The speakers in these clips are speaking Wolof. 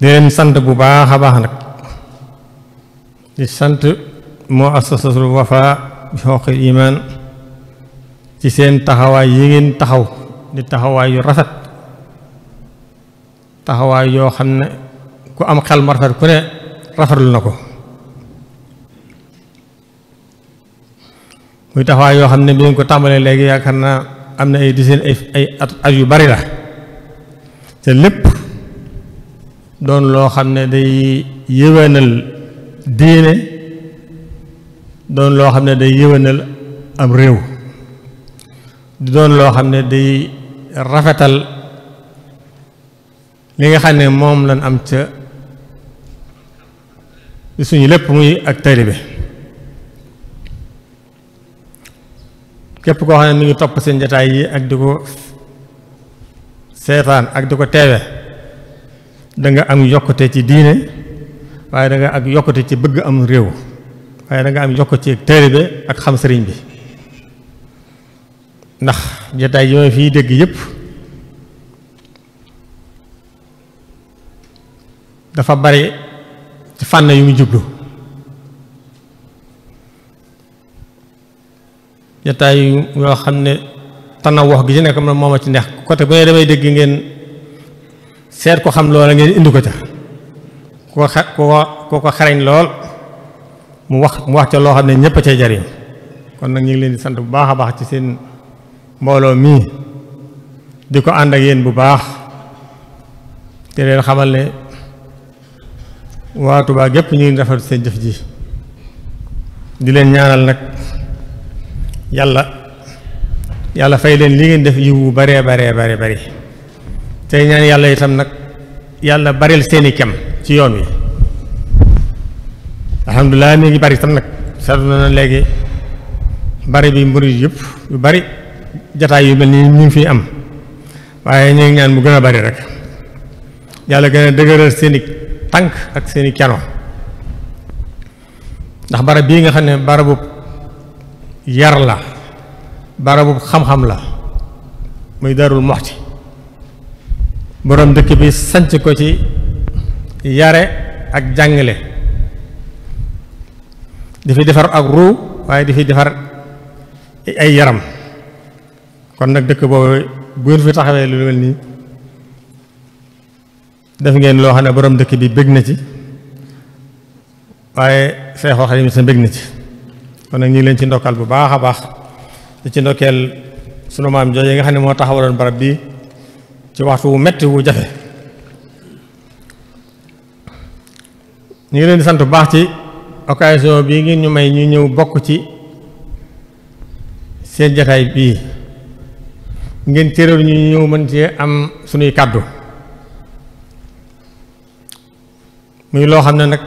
di leen sant bu baax a baax nag di sant moo asasatul wafa bi xoqi iman ci seen taxawaay yi ngeen taxaw di taxawaay yu rafet taxawaay yoo xam ne ku am xel mu rafet ku ne rafetlu na ko muy taxawaay yoo xam ne bi ngeen ko tàmbalee léegi yaakaar naa am na ay dizaine ay ay at at yu bari la te lépp doon loo xam ne day yëwénal diine doon loo xam ne day yëwénal am réew doon loo xam ne day rafetal li nga xam ne moom lan am ca suñu lépp muy ak taalibe képp koo xam ne mu ngi topp seen jataay yi ak di ko seetaan ak di ko teewe da am yokkute ci diine waaye da nga ak yokkute ci bëgg am réew waaye danga am yokkute ci taalibe ak xam sëriñ bi ndax jataay yi ma dégg yëpp dafa bari ci fànn yu mu jublu jataay yu yoo xam ne tana wax gi ci nekk moom a ci neex côté bu ne damay dégg ngeen seet ko xam loola ngeen indi ko ca ku ko ku ko xarañ lool mu wax mu wax ca loo xam ne ñëpp a cay jariñ kon nag ñu leen di sant bu baax a baax ci seen mbooloo mii di ko ànd ak yéen bu baax te leen xamal ne waa Touba gépp ñu ngi rafetlu seen jëf ji di leen ñaanal nag yàlla yàlla fay leen li ngeen def yiwu baree baree bare bari tey ñaan yàlla itam nag yàlla bareel seeni kem ci yoon wi alhamdulilah mi ngi bari itam nag seetlu na léegi bari bi mbir yëpp yu bari jataay yu mel ni ñu fi am waaye ñu ngi ñaan mu gën a bari rek yàlla gën a dëgëral seeni tànk ak seeni cano ndax bara bii nga xam ne barabu yar la barabu xam-xam la muy Daarul Muxti boroom dëkk bi sanc ko ci yare ak jàngale dafay defar ak ruu waaye fi defar ay yaram kon nag dëkk boobu bu fi taxawee lu mel nii def ngeen loo xam ne boroom dëkk bi bég na ci waaye Seexul Xadiim sa bég na ci kon nag ñu leen ci ndokkal bu baax a baax di ci ndokkeel sunu maam jooju nga xam ne moo taxawaloon barab bi ci waxtu wu metti wu jafe ñu ngi leen di sant bu baax ci occasion bii ngeen ñu may ñu ñëw bokk ci seen jataay bii ngeen cëral ñu ñëw mën cee am sunuy kàddu muy loo xam ne nag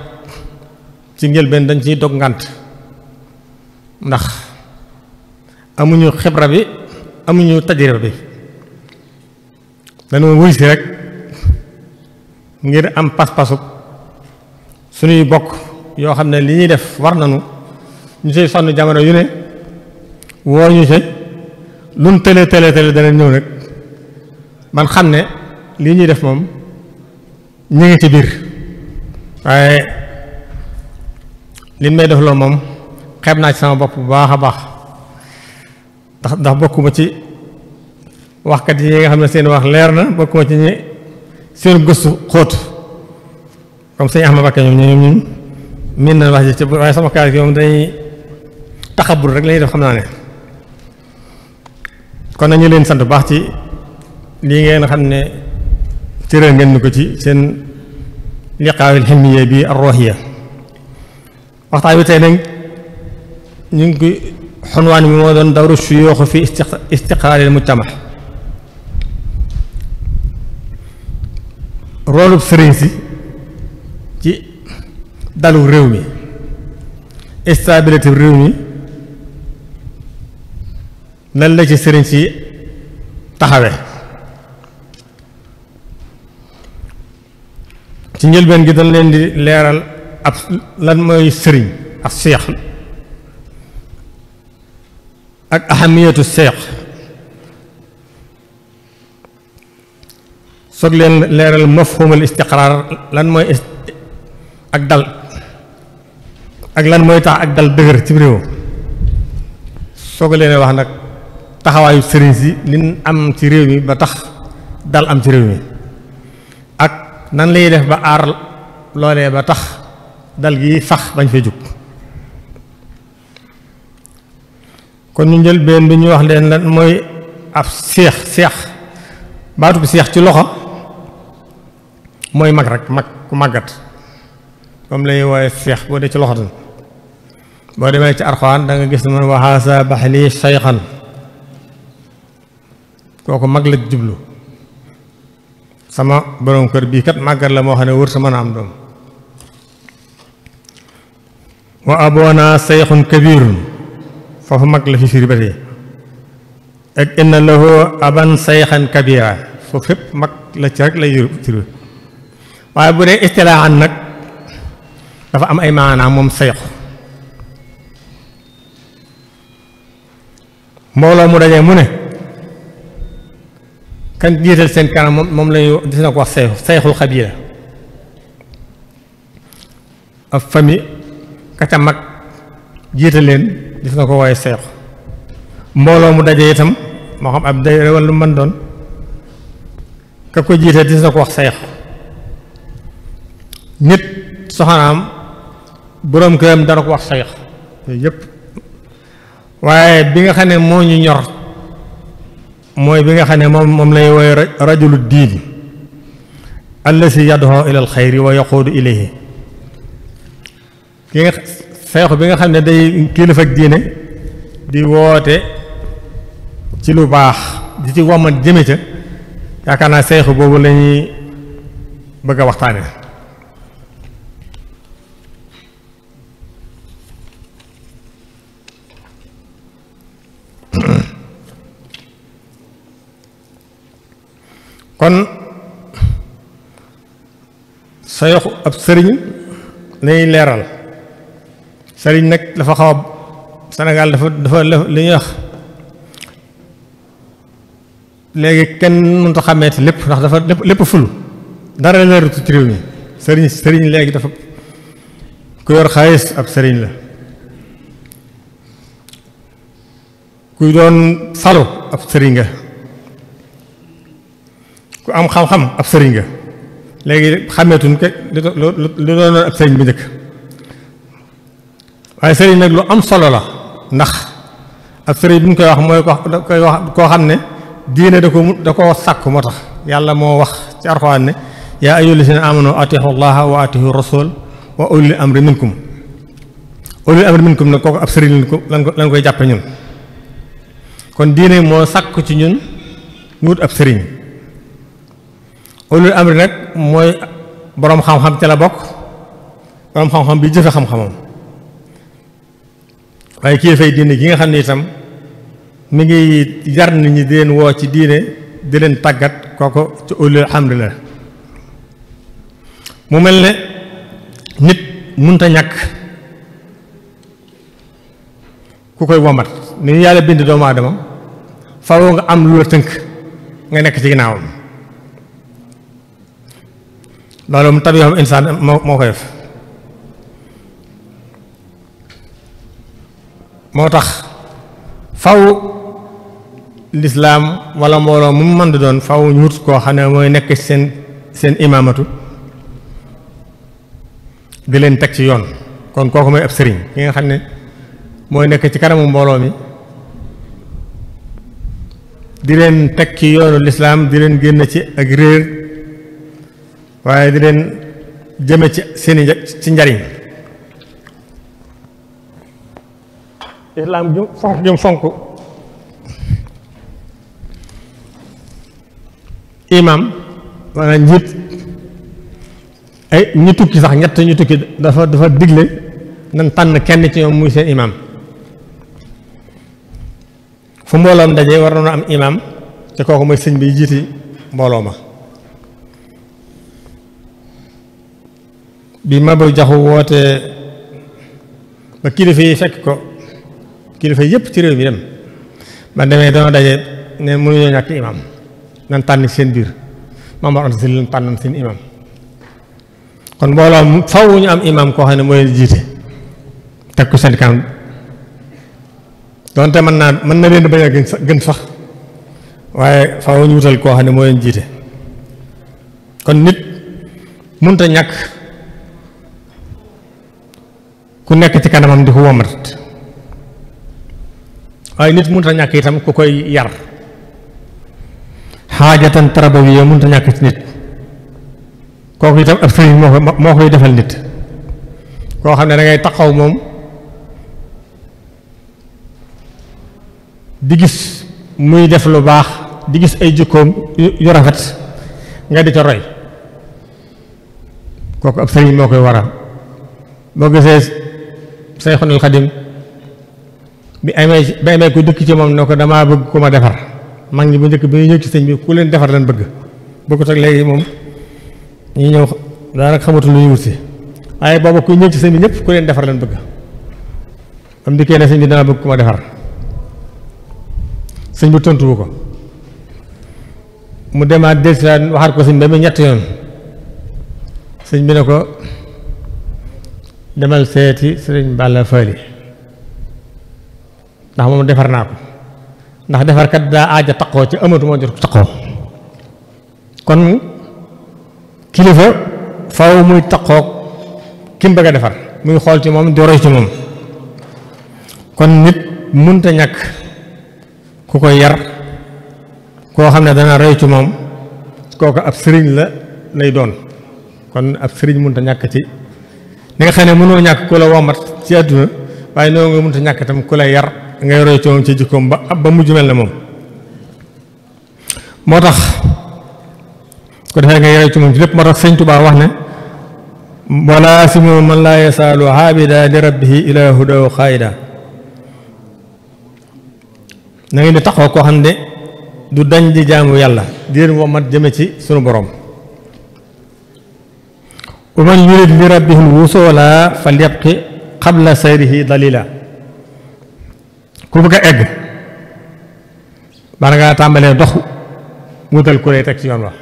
ci njëlbeen dañ ciy dog ngànt ndax amuñu xibra bi amuñu tajriba bi dañoo wuy rek ngir am pas-pasu suñuy bokk yoo xam ne li ñuy def war nañu ñu see sonn jamono yu ne woo ñu see luñ tële tële tële dana ñëw rek man xam ne lii ñuy def moom ñu ngi ci biir waaye lin may def loolu moom xeeb naa ci sama bopp bu baax a baax ndax ndax bokkuma ci waxkat yi nga xam ne seen wax leer na bokkuma ci ñi seen gëstu xóot comme sëñ Ahmad Bakke ñoom ñoom ñun miin na wax ji ci waaye sama kaar gi day dañuy rek la def xam naa ne kon nañu leen sant baax ci lii ngeen a xam ne cëral ngeen ni ko ci seen liqaawil xilmiya bi arrohiya waxtaan bi tey ñu ngi xunwaan bi moo doon dawru suyuux fi istiqraaril mujtama roolub sëriñ si ci dalu réew mi stabilité réew mi nan la ci sëriñ si taxawe ci njëlbeen gi dañ leen di leeral ab lan mooy sëriñ ak seex ak ahamiyatu seex soog leen leeral mafhumul istiqraar lan mooy ak dal ak lan mooy tax ak dal dëgër ci réew soog leen wax nag taxawaayu sëriñ si li am ci réew mi ba tax dal am ci réew mi nan lay def ba aar loolee ba tax dal gi sax bañ fay jug kon ñu jël benn bi ñu wax leen lan mooy ab seex seex baatub seex ci loxo mooy mag rek mag ku màggat moom lañuy wooye seex boo dee ci loxo tan boo demee ci arxaan da nga gis man waxaasa baxli sayxan kooku mag la jublu sama borom kër bii kat màggat la moo xam ne wër sa mën a am doom wa aboona sayxun kabirun foofu mag la fi firi ba tey ak inna lahu aban sayxan kabira foofu fépp mag la ci rek lay firi waaye bu dee istilaaxan nag dafa am ay maanaa moom sayxu mbooloo mu dajee mu ne kan jiital seen kanam moom moom lañu dina ko wax seexu seexul xabiira ab fami kaca jiite jiital leen def na ko waaye seexu mbooloo mu daje itam moo xam ab day rewal lu mën doon ka ko jiital def na ko wax seexu nit soxnaam boroom këram dara ko wax seexu yooyu yëpp waaye bi nga xam ne moo ñu ñor mooy bi nga xam ne moom moom lay woy rajulu diin allasi yadxoo ilal xayri wa yaquudu ilayhi ki nga seexu bi nga xam ne day kilifa ak diine di woote ci lu baax di ci wommat jëme ca yaakaar naa seexu boobu lañuy bëgg a waxtaane kon sa yoxu ab sëriñ lañuy leeral sëriñ nag dafa xaw a senegal dafa dafa li ñuy wax léegi kenn mënut a xàmmeeti lépp ndax dafa lépp ful dara leerut ci réew mi sëriñ sëriñ léegi dafa ku yor xaalis ab sëriñ la kuy doon falu ab sëriñ nga ku am xam-xam ab sëriñ nga léegi xameetuñ ke lu doonoon ab waaye sëriñ nag lu am solo la ndax ab sëriñ bi koy wax mooy ko koy wax koo xam ne diine da ko da ko sàkk moo tax yàlla moo wax ci Alxuraan ne yaa ayyuhal lazina amanu atiiu llaha wa atiiu rasul wa ulil amri minkum ulil amri minkum nag kooku ab sëriñ lañ ko lañ koy jàppe ñun kon diine moo sàkk ci ñun ñu wut ab sëriñ ulul amri nag mooy boroom xam-xam ca la bokk boroom xam-xam bi jëfe xam-xamam waaye kilifay diine gi nga xam ne itam mu ngi yar nit ñi di leen woo ci diine di leen tàggat kooku ci ulul amri la mu mel ne nit munta ñàkk ku koy womat ni ñu yàlla bind doomu aadama faaw nga am lu la tënk nga nekk ci ginnaawam loolu mu tabi xam insaan moo moo ko def moo tax faw lislaam wala mbooloo mu mën di doon faw ñu wut koo xam ne mooy nekk ci seen seen imaamatu di leen teg ci yoon kon kooku mooy ab sëriñ ki nga xam ne mooy nekk ci kanamu mbooloo mi di leen teg ci yoonu lislaam di leen génn ci ak réer waaye di leen jëme ci seeni ci njariñ islaam jum fonk jum fonk imaam maanaam njiit ay ñu tukki sax ñett ñu tukki dafa dafa digle nan tànn kenn ci ñoom muy seen imaam fu mbooloom daje war na am imaam te kooku mooy sëñ bi jiiti mbooloo ma bi Maba Jaxu wootee ba kilifa yi fekk ko kilifa yépp ci réew mi dem ba demee doona daje ne mënuñoo ñàkk imam nan tànn seen biir Maam Mor Anta Sali lan seen imam kon mbooloo faw ñu am imam koo xam ne moo leen jiite teg ko seen kanam doonte mën naa mën na leen bañ a gën sax waaye faw ñu wutal koo xam ne moo leen jiite kon nit mënta ñàkk ku nekk ci kanamam di ko womat waaye nit mënut a ñàkk itam ku koy yar xaajatan tarbawiya mënut a ñàkk ci nit kooku itam ab sëriñ moo moo koy defal nit koo xam ne dangay taxaw moom di gis muy def lu baax di gis ay jikkoom yu rafet nga di ca roy kooku ab sëriñ moo koy waral boo gisee Sayxunal Xadim bi amee bi amee ko dëkk ci moom ne ko damaa bëgg ku ma defar mag ñi bu njëkk bi ñu ñëw ci sëñ bi ku leen defar leen bëgg bokkut ak léegi moom ñu ñëw daanaka xamatu lu ñuy wut si waaye booba ku ñëw ci sëñ bi ñëpp ku leen defar leen bëgg am dikkee ne sëñ bi dana bëgg ku ma defar sëñ bi tontuwu ko mu demaat dellusiwaat waxaat ko sëñ ba mu ñett yoon sëñ bi ne ko demal seeti sëriñ Balla Fali ndax moom defar naa ko ndax defarkat daa aaja taqoo ci amatuma jot taqoo kon kilifa faw muy taqoo kim bëgg a defar muy xool ci moom di roy ci moom kon nit munta ñàkk ku ko yar koo xam ne dana roy ci moom kooku ab sëriñ la lay doon kon ab sëriñ munta ñàkk ci ni nga xam ne mënoo ñàkk ku la womat ci àdduna waaye noo nga mënta ñàkk itam ku la yar ngay roy coom ci jikkoom ba ba mujj mel na moom moo tax ko defee ngay roy ci moom ci lépp moo tax sëñ Tuubaa wax ne wala simu man laa yasaalu haabida li rabbihi ila hudaw xaayida na ngeen di taxaw koo xam ne du dañ di jaamu yàlla di leen womat jëme ci sunu boroom wa man yurid li rabbihil wusuula falyabqi qabla sayrihi dalila ku bëgg a egg bala ngaa tàmbalee dox wutal ku lay teg ci yoon wax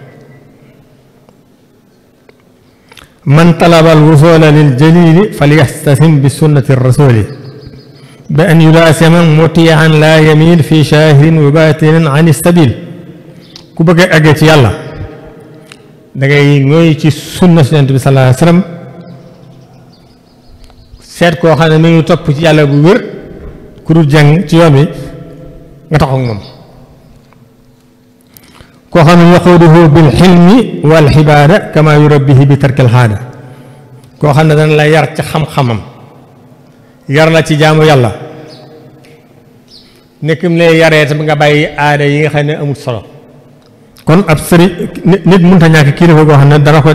man talaba al wusuula lil jalili falyastasim bi sunnati rasuli bi an yulaasima mutiyan laa yamil fi shaahirin wa baatinin an istabil ku bëgg a egg ci yàlla da ngay mooy ci sunna si Yonent bi sallallaahu alayhi seet koo xam ne mi ngi topp ci yàlla bu wér ku dul jàng ci yoon bi nga taxaw ak moom koo xam ne yaquuduhu bil bi tarkil xaada koo xam ne dana la yar ci xam-xamam yar la ci jaamu yàlla nekk nekkim lay yaree tam nga bàyyi aada yi nga xam ne amul solo kon ab sëriñ nit mënta ñàkk kilifa goo xam ne dana ko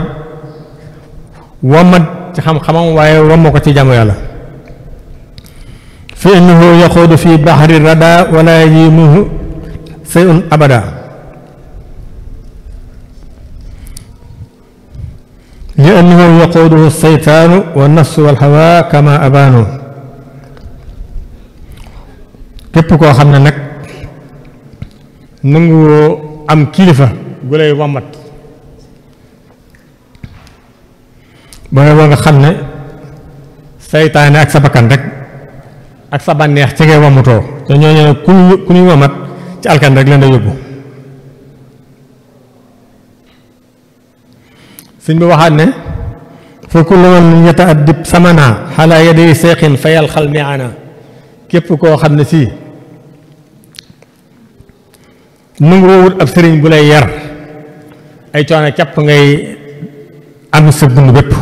wammat ci xam-xamam waaye wamma ko ci jaamu yàlla fi innahu yaxuudu fi baxri rada wala yimuhu sayun abada li annahu yaquuduhu saytaanu wa nafsu walhawa kama abaanu képp koo xam ne nag nanguwoo am kilifa gu lay wammat ba nga nga xam ne saytaane ak sa bakkan rek ak sa bànneex ci ngay wammatoo te ñooñu ne ku ku ñuy wammat ci alkan rek leen da yóbbu suñ bi waxaat ne fa kullu man yataadib samana xalaa yadi seexin fayal xal meana képp koo xam ne sii nangoo wut ab sëriñ bu yar ay coono càpp ngay am sa dund bépp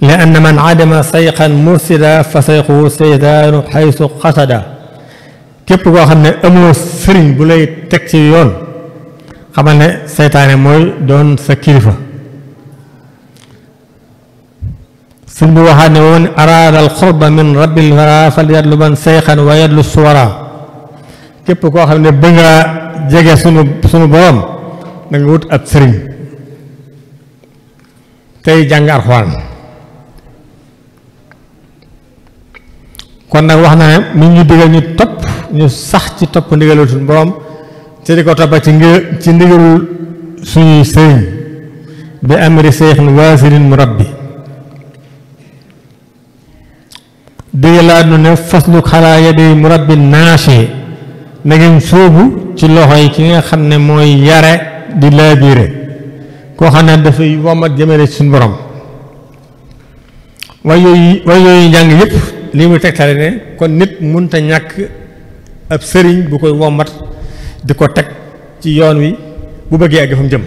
li anna man adama sayxan mursida fa sayxuhu seytaanu xaysu xasada képp koo xam ne amuloo sëriñ bu lay teg ci yoon xamal seytaane mooy doon sa kilifa sëñ bi waxaat ne wa man araada alxurba min fal yadlu man sayxan wa yadlu suwara képp koo xam ne bëgg nga jege sunu sunu borom da wut ab sëriñ tey jàng alxuraan kon nag wax naa ne nit ñu ñu topp ñu sax ci topp ndigalul suñu borom te di ko toppa ci ngir ci ndigalul suñuy sëriñ bi amri seexin waasirin mu rabbi digalaat nu ne fasluk xalaa yadi mu rabbi naashe na ngeen sóobu ci loxo yi ki nga xam ne mooy yare di laabiire koo xam ne dafay womat jëmale suñu borom waaye yooyu waaye yooyu njàng yëpp lii muy tegtale ne kon nit mënta ñàkk ab sëriñ bu koy womat di ko teg ci yoon wi bu bëggee àgg fa mu jëm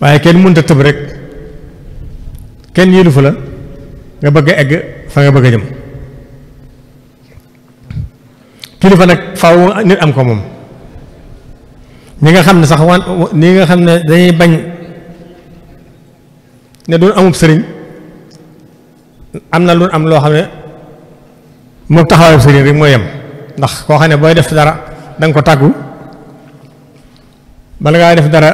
waaye kenn mënta tëb rek kenn yéelu la nga bëgg egg fa nga bëgg a jëm kilifa nag faaw nit am ko moom ñi nga xam ne sax wan nii nga xam ne dañuy bañ ne doon amub sëriñ am na lu am loo xam ne moo taxawaayu sëriñ rek mooy yem ndax koo xam ne booy def dara da nga ko tàggu bala ngaa def dara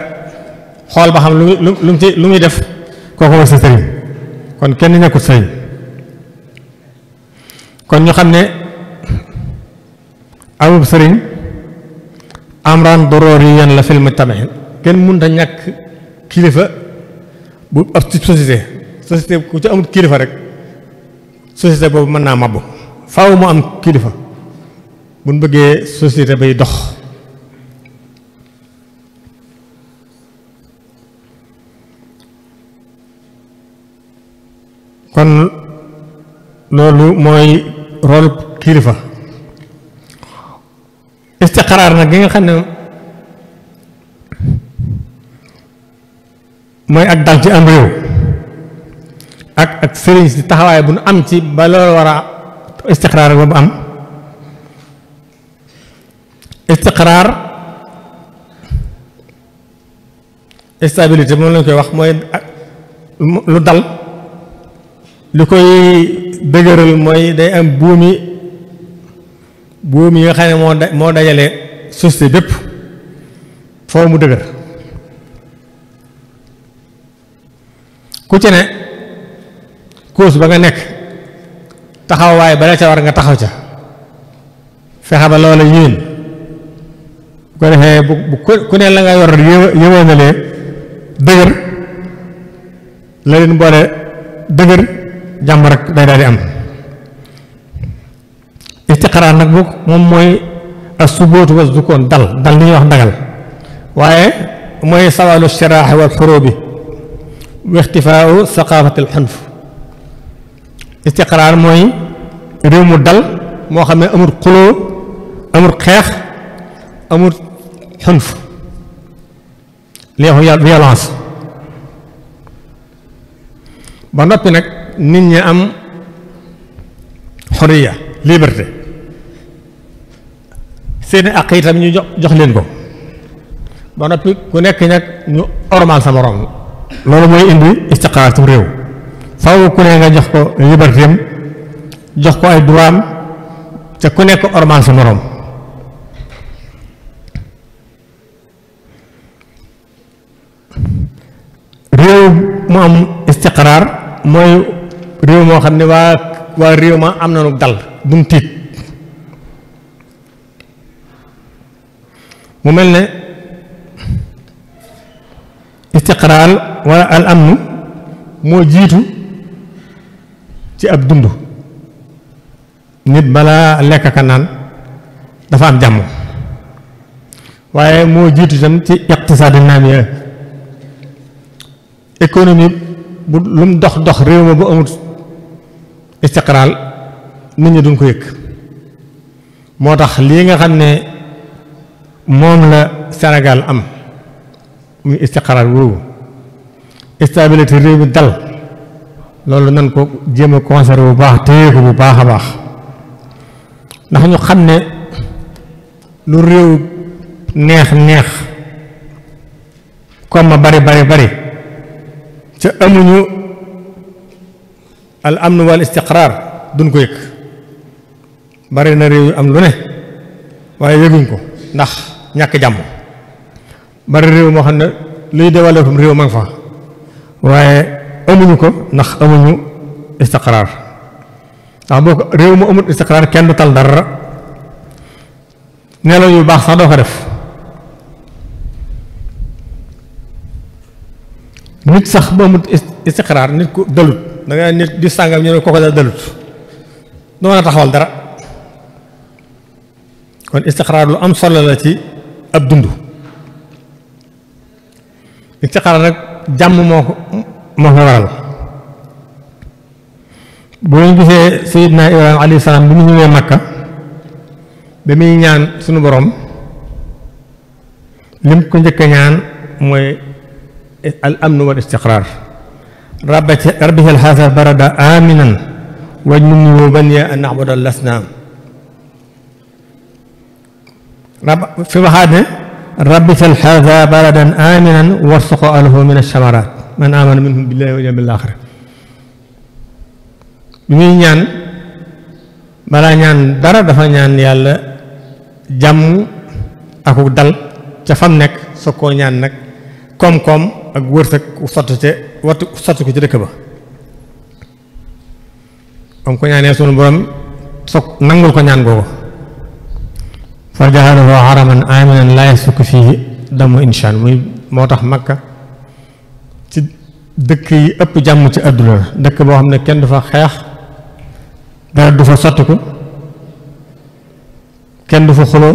xool ba xam lu lu lu ci lu muy def kooku mooy sa sëriñ kon kenn nekkut sëriñ kon ñu xam ne abub sëriñ amran doroor yi yan la film tamit kenn mun a ñàkk kilifa bu ab société société ku ci amul kilifa rek société boobu mën naa mabbu faaw mu am kilifa buñ bëggee société bay dox kon loolu mooy rol kilifa istixraar nag gi nga xam ne mooy ak dal ci am réew ak ak sëriñ si taxawaay bu nu am ci ba war a istixraar boobu am istixraar stabilité moom lañ koy wax mooy lu dal lu koy dëgëral mooy day am buumi buum yi nga xam moo da moo dajale société bépp foo mu dëgër ku ci ne cause ba nga nekk taxawaay ba la ca war nga taxaw ca fexe ba loola yéen bu ko defee bu bu ku ne la ngay yor yëwoo na lee dëgër la leen boole dëgër jàmm rek day daal di am istixraar nag boog moom mooy subootu was dukoon dal dal li ñuy wax dagal waaye mooy sawalu siraax wal xurubi wa ixtifaau saqaafati al xunf istixraar mooy réew mu dal moo xam ne amul xuloo amul xeex amul xunf léexu yàlla violence ba noppi nag nit ñi am xoriya liberté seeni àq itam ñu jox jox leen ko ba noppi ku nekk nag ñu ormaal sa morom loolu mooy indi istiqaaratum réew faaw ku ne nga jox ko liberté am jox ko ay droit am ku nekk ormaal sa morom réew mu am istiqaraar mooy réew moo xam ne waa waa réew ma am nañu dal duñ tiit mu mel ne istiqraal wala al moo jiitu ci ab dund nit balaa lekk ka naan dafa am jàmm waaye moo jiitu itam ci iqtisaadi naamiya économie bu lu mu dox dox réew ma bu amut istiqraal nit ñi duñ ko yëg moo tax lii nga xam ne moom la Sénégal am muy istiqaraar woowu stabilité réew mi dal loolu nan ko jéem a conserver bu baax téye ko bu baax a baax ndax ñu xam ne lu réew neex neex comme bari bari bari ca amuñu al na wal istiqraar duñ ko yëg bari na réew yu am lu ne waaye yëguñ ko ndax ñàkk jàmm bari réew moo xam ne luy développé réew ma fa waaye amuñu ko ndax amuñu istiqraar ndax boo ko réew mu amul istiqraar kenn du tal dara nelaw yu baax sax doo ko def nit sax bu amul istiqraar nit ku dalut da nit di sàngam ñu ne kooku daal dalut doo mën a taxawal dara kon istiqraar lu am solo la ci ab dund istixaara nag jàmm moo ko moo ko waral bu ñu gisee sayidna ibrahima salaam bi mu ñëwee makka ba muy ñaan sunu borom lim ko njëkk a ñaan mooy al amnu wal istixraar rabbi hal haazal balada aminan wajnubnii wa baniya an na'buda al asnaam fi waxaat ne rabbi sal haada baladan aminan warsuqo alahu min alsamarat man amana minhum billahi wal yawmil bi muy ñaan balaa dara dafa ñaan yàlla jàmm aku dal ca fam nekk soog koo ñaan nag koom-koom ak wërsëg sotti ca wattu sotti ko ci dëkk ba comme ko ñaanee sunu borom soog nangul ko ñaan googu fa jaxalahu haraman aminan laa yasuk fii damu insaan muy moo tax makka ci dëkk yi ëpp jàmm ci àdduna la dëkk boo xam ne kenn du fa xeex dara du fa sottiku kenn du fa xuloo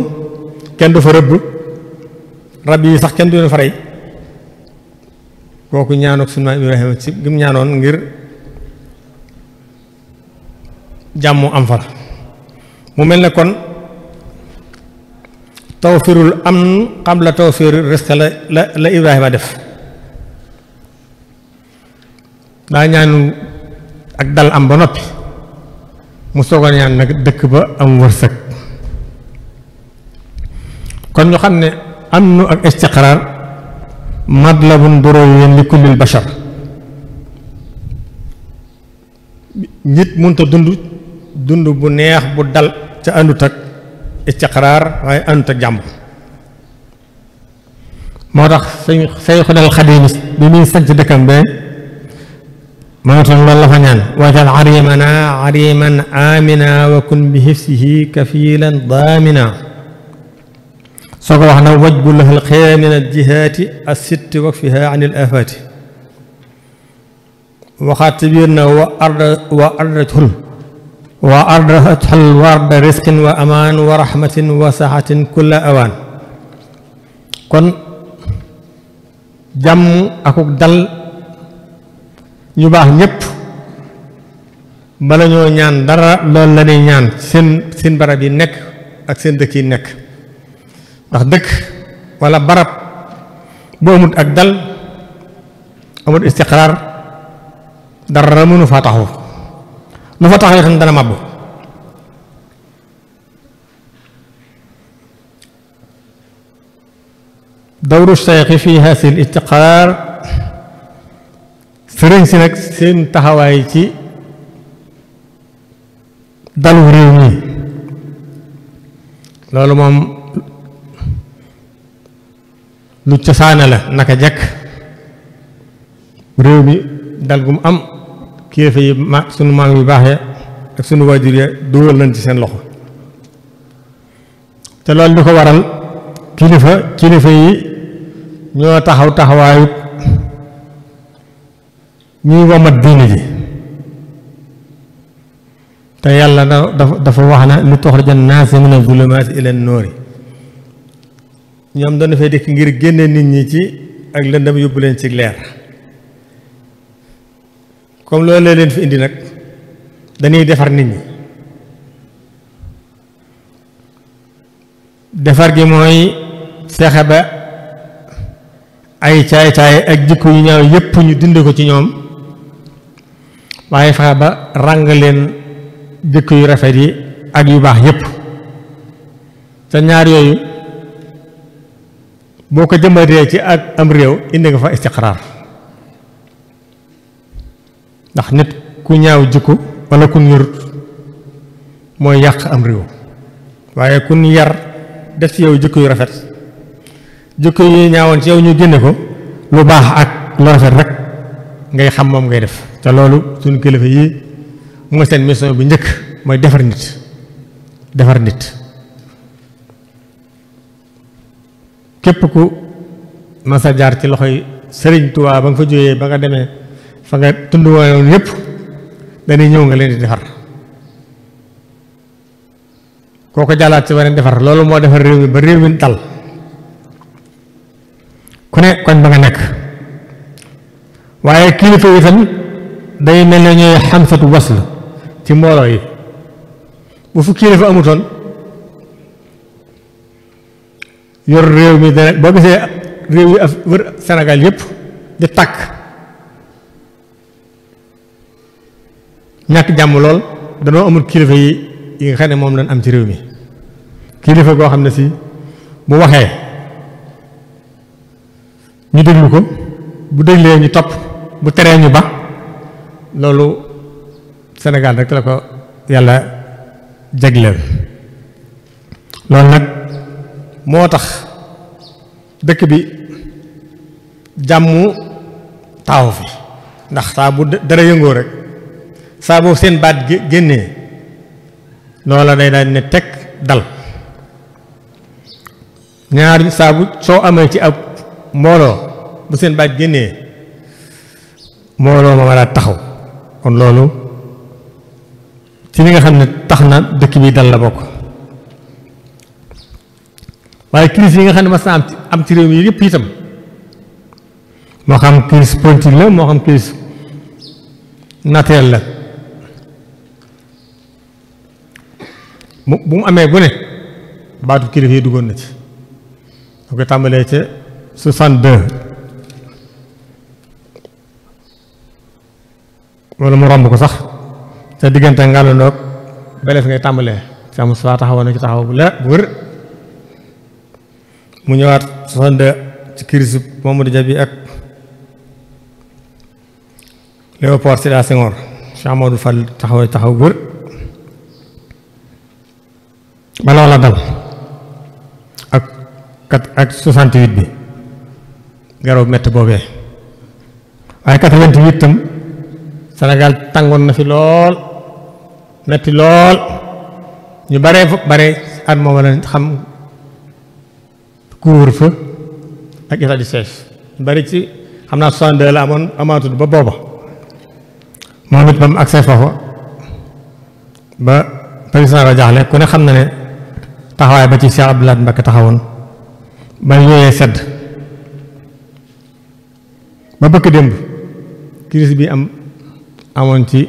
kenn du fa rëbb rab yi sax kenn du leen fa rey kooku ñaanoog sunu maam Ibrahima ci gim ñaanoon ngir jàmm am fa mu mel ne kon tawfirul am xam la tawfir risque la la la Ibrahima def daa ñaan ak dal am ba noppi mu soogoon ñaan nag dëkk ba am wërsëg kon ñu xam ne am nu ak istiqraar madlabun dururiyun li kullil bashar nit munta dund dund bu neex bu dal ca àndut istiqraar waaye ànd ak jàmm moo tax say Sayxul Xadiim bi muy sanc dëkkam be moom itam loolu la fa ñaan wajal ariimana ariiman amina wa kun bi hifsihi kafilan daamina soo ko wax na wajbu lahal xayra min aljihaati assitti wakfiha an il afaati waxaat ci biir na wa arda wa ardat hun wa ardahatal warda risqin wa amaan wa rahmatin wa saxatin kulla awaan kon jàmm akuk dal ñu baax ñépp bala ñoo ñaan dara loolu la ñuy ñaan seen seen barab yi nekk ak seen dëkk yi nekk ndax dëkk walla barab bu amut ak dal amut istiqraar dara mënu faa taxaw lu fa taxawee tam dana màbbu dawru cheikh fi hasil istiqraar sëriñ si nag seen taxawaay ci dalu réew mi loolu moom lu cosaane la naka jekk réew mi dal gum am kilifa yi ma sunu maam yu baax ya ak sunu waajur ya dugal nañ ci seen loxo te loolu di ko waral kilifa kilifa yi ñoo taxaw taxawaayu ñuy womat diine ji te yàlla dafa dafa wax na li toxrija naasi mina leen ila yi ñoom dañu fay dikk ngir génne nit ñi ci ak lëndam yóbbu leen ci leer comme loolu la leen fi indi nag dañuy defar nit ñi defar gi mooy fexe ba ay caay-caay ak jikko yu ñaaw yépp ñu dindi ko ci ñoom waaye fexe ba ràng leen jikko yu rafet yi ak yu baax yépp te ñaar yooyu boo ko jëmbatee ci ak am réew indi nga fa istiqraar ndax nit ku ñaaw jikko wala kun yarut mooy yàq am réew waaye kun yar def ci yow jikko yu rafet jikko yu ñaawoon ci yow ñu génne ko lu baax ak lu rafet rek ngay xam moom ngay def te loolu suñu kilifa yi mooy seen mission bi njëkk mooy defar nit defar nit képp masa jaar ci loxoy Sëriñ Tuubaa ba nga fa jógee ba nga demee fa nga tunduwaayoon yépp dañuy ñëw nga leen di defar koo ko jàllaat ci beneen defar loolu moo defar réew mi ba réew mi dal ku ne koñ ba nga nekk waaye kilifa yi itam day ne ñooy xamsatu wasl ci mbooloo yi bu fu kilifa amutoon yor réew mi dana boo gisee réew yi af wër Sénégal yépp di tàkk ñàkk jàmm lool danoo amul kilifa yi yi nga xam ne moom lañ am ci réew mi kilifa goo xam ne si bu waxee ñu déglu ko bu déglee ñu topp bu teree ñu ba loolu Sénégal rek la ko yàlla jagleel loolu nag moo tax dëkk bi jàmmu taaw fi ndax saa bu dara yëngoo rek saa seen baat génnee loola day daal ne teg dal ñaar saabu soo amee ci ab mbooloo bu seen baat génnee mbooloo ma war taxaw kon loolu ci li nga xam ne tax na dëkk bi dal la bokk waaye crise yi nga xam ne ma na am ci réew mi yëpp itam moo xam crise politique la moo xam crise naturelle la mu bu mu amee bu ne baatu kilifa yi duggoon na ci da koy tàmbalee ca 62 wala mu romb ko sax te diggante ngàllandoog beleef ngay tàmbalee ci am saa taxawoon na ci taxaw bu leer bu wër mu ñëwaat 62 ci kirisub Mamadou Jabi ak Léopold Sédar Senghor Cheikh Amadou Fall taxaw taxaw bu wër ba loola dal ak kat ak 68 bi garab métti boobee waaye 88 itam Sénégal tàngoon na fi lool metti lool ñu baree bare at moom la xam couvre-feu ak état de bari ci xam naa 62 la amoon amaatul ba booba moom it ba mu agsee foofa ba président ba ku ne xam na ne taxawaay ba ci Cheikh Abdou Lahad Mbacké taxawoon ba yooyee sedd ba bëkk démb crise bi am amoon ci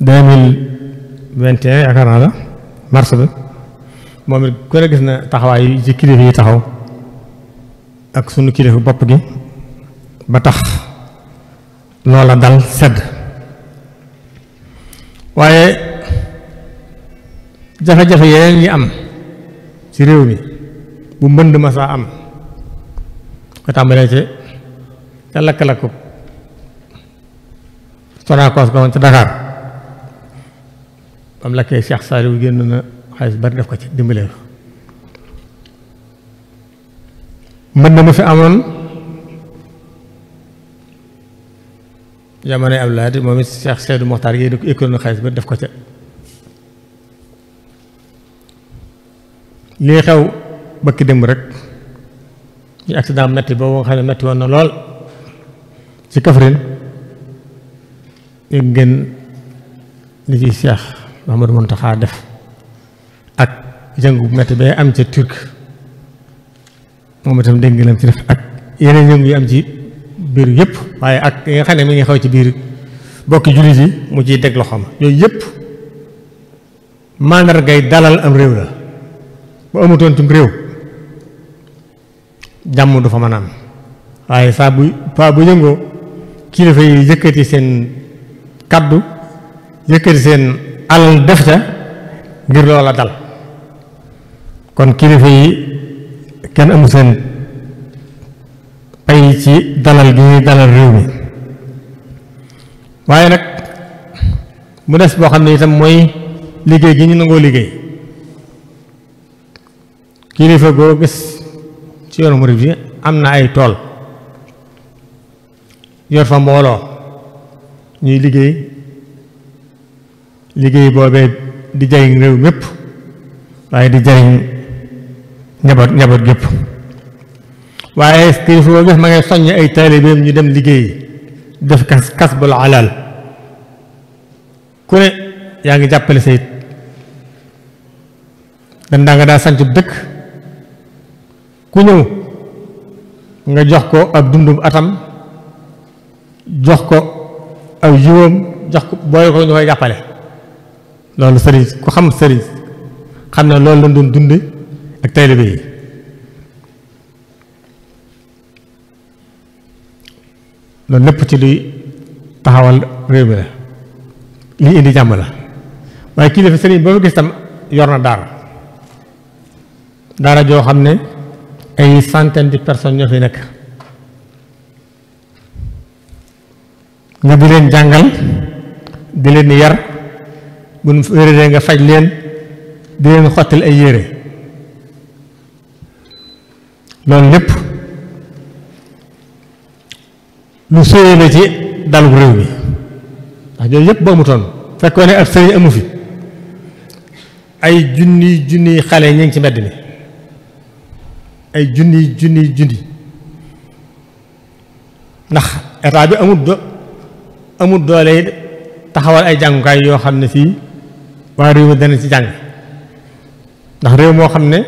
deux mille vingt et un la mars bi moom it ku ne gis na taxawaay yi ci kilifa yi taxaw ak sunu kilifa bopp gi ba tax la dal sedd waaye jafe-jafe yeneen yi am ci réew mi bu mbënd ma saa am ko tàmbalee ci ca lakk-lakku Sonacos ko woon ca Dakar ba mu lakkee Cheikh Saliou génn na xaalis bari def ko ci dimbalee ko mbënd ma fi amoon jamonoy Abdoulaye moom it Cheikh Seydou Mokhtar yéen ko école na xaalis bari def ko ca lii xew bëkki démb rek ñu accident metti boobu nga xam ne metti woon na lool ci Kaffrine yëg ngeen li ci Cheikh Mahamadou Mountakha def ak jëng bu metti ba am ca Turc moom itam dégg lam ci def ak yeneen yëngu yi am ci biir yëpp waaye ak yi mi ngi xew ci biir bokki jullit yi mu ciy teg loxoom yooyu yëpp mandargay dalal am réew la bu amutoon ci réew jàmm du fa mën am waaye saa bu saa bu yëngoo kilifa yi yëkkati seen kàddu yëkkati seen alal def ca ngir loola dal kon kilifa yi kenn amu seen pay ci dalal gi ñuy dalal réew mi waaye nag mu des boo xam ne itam mooy liggéey gi ñu nangoo liggéey kilifa goo gis ci yoonu murid bi am na ay tool yor fa mbooloo ñuy liggéey liggéey boobee di jariñ réew mépp waaye di jariñ njaboot njaboot gépp waaye kilifa goo gis ma ngay soññ ay taalibeem ñu dem liggéey def kas kas bu la alal ku ne yaa ngi jàppale sayit dan daa nga daa dëkk ku ñëw nga jox ko ak dundum atam jox ko ab yiwam jox ko boole ko ñu koy jàppale loolu sëriñ ku xam sëriñ xam ne loolu lañ doon dund ak taalibe yi loolu lépp ci luy taxawal réew mi la lii indi jàmm la waaye kii dafa sëriñ boo fa gis tam yor na daara daara joo xam ne ay centaine de personnes ñoo fi nekk nga di leen jàngal di leen yar bu nu réeree nga faj leen di leen xottil ay yére loolu lépp lu sóyee la ci dalu réew mi ndax yooyu yëpp ba amutoon fekkoo ne ab sëriñ amu fi ay junniy junniy xale ñu ngi ci mbedd mi ay junni junni junni ndax état bi amul do amul doole taxawal ay jàngukaay yoo xam ne fii waa réew mi dana ci jàng ndax réew moo xam ne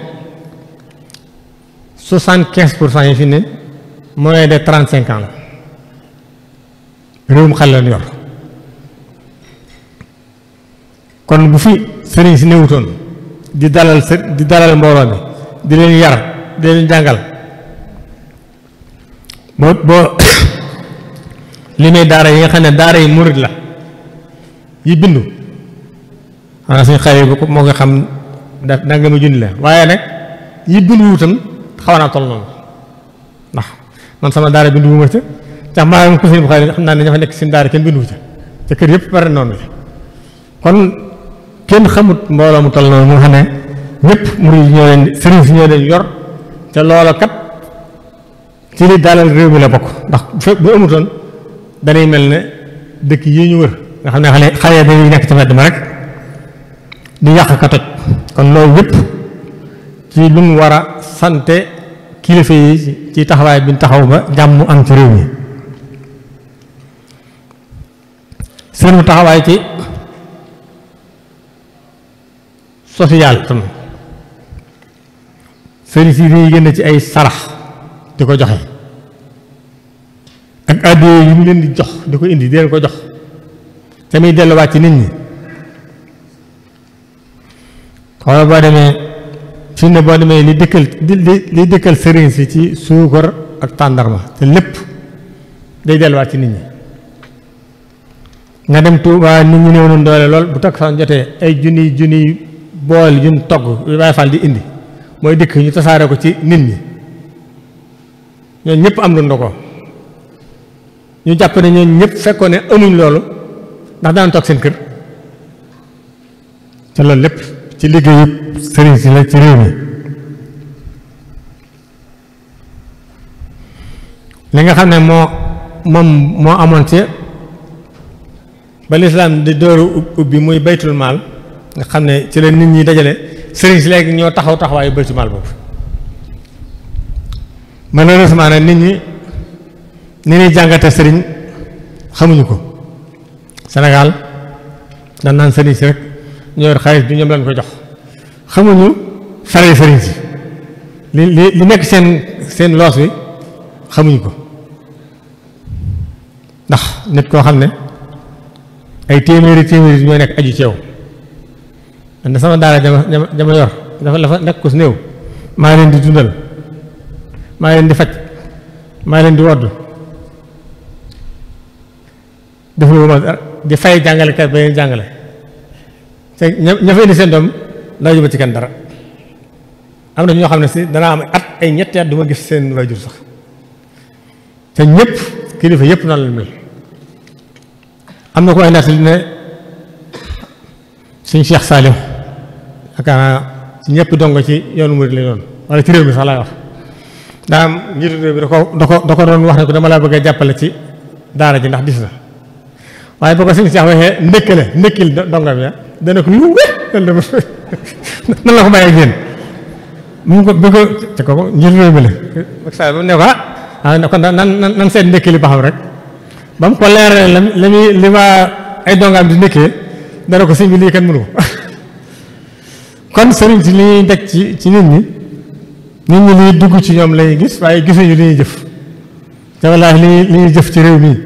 soixante quinze pour cent yi fi ne mooy de trente cinq ans la réewum xale lañ yor kon bu fi sëriñ si newutoon di dalal së di dalal mbooloo mi di leen yar di leen jàngal li may daara yi nga xam ne daara yi murit la yi bindu xanaa suñu xale yi moo nga xam da nga ma junni la waaye nag yi bindu wutam xaw naa toll noonu ndax man sama daara bindu wu ca maa ngi xam naa ne dafa nekk seen daara kenn bindu wu te kër yëpp pare noonu la kon kenn xamut mbooloo mu toll noonu moo xam ne ñëpp murit ñoo leen sëriñ si ñoo leen yor. te loola kat ci li dalal réew mi la bokk ndax fépp bu amutoon danay mel ne dëkk yi ñu wër nga xam ne xale xale dañuy nekk ci mbedd ma rek di yàq ka toj kon loolu yëpp ci lu mu war a sante kilifa yi ci taxawaay bi taxaw ba jàmm am ci réew mi seen taxawaay ci social tam sëriñ si dañuy génn ci ay sarax di ko joxe ak àddiyee yu ñu leen di jox di ko indi di leen ko jox te muy delluwaat ci nit ñi xoola boo demee fi ne boo demee li dëkkal sëriñ si ci suukar ak tàndarma te lépp day delluwaat ci nit ñi nga dem Tuubaa nit ñi néew nañ doole lool bu takk fan jotee ay junniy junniy bool yuñ togg yu Baay Faal di indi mooy dikk ñu tasaare ko ci nit ñi ñooñu ñëpp am lu ndogoo ñu jàpp ne ñooñ ñëpp fekkoon ne amuñ loolu ndax daan toog seen kër te loolu lépp ci liggéeyu sëriñ si la ci réew mi li nga xam ne moo moom moo amoon ci ba lislaam di dooru ubbi muy baytul maal nga xam ne ci la nit ñi dajale sëriñ si léegi ñoo taxaw taxawaayu bërsi maal boobu malheureusement nag nit ñi ni ñuy jàngate sëriñ xamuñu ko Sénégal dañ naan sëriñ si rek ñoo yor bi ñoom lañ ko jox xamuñu fare sëriñ si li li li nekk seen seen loos wi xamuñu ko ndax nit koo xam ne ay téeméeri téeméeri ñoo nekk aju ci man sama daara jama jama yor dafa la fa nekk ko si néew maa leen di dundal maa leen di faj maa leen di wodd def lu ma di fay jàngalekat ba leen jàngale te ña fa indi seen doom ndaw juba ci kenn dara am na ñoo xam ne si danaa am at ay ñetti at du gis seen waajur sax te ñëpp kilifa yëpp noonu la mel am na ko ay natt li suñ Cheikh Saliou yaakaar naa dongo ci yoonu murid la doon wala ci réew mi sax laay wax daa am njiitu réew bi da ko da ko doon wax ne ko dama bëgg jàppale ci daara ndax dis na waaye boo ko sëñ Cheikh waxee la ko bàyyi ak mu ko bi njiitu réew mi la ak saa ne ah, nan nan seen ndékkili ba xam rek ba mu ko leerale la muy li waa ay dongaam di ndékkee dana ko sëñ lii kenn mënu ko kon sëriñ si li ñuy daj ci ci nit ñi nit ñi liy dugg ci ñoom lay gis waaye gisuñu li ñuy jëf te wallaahi li li ci réew mi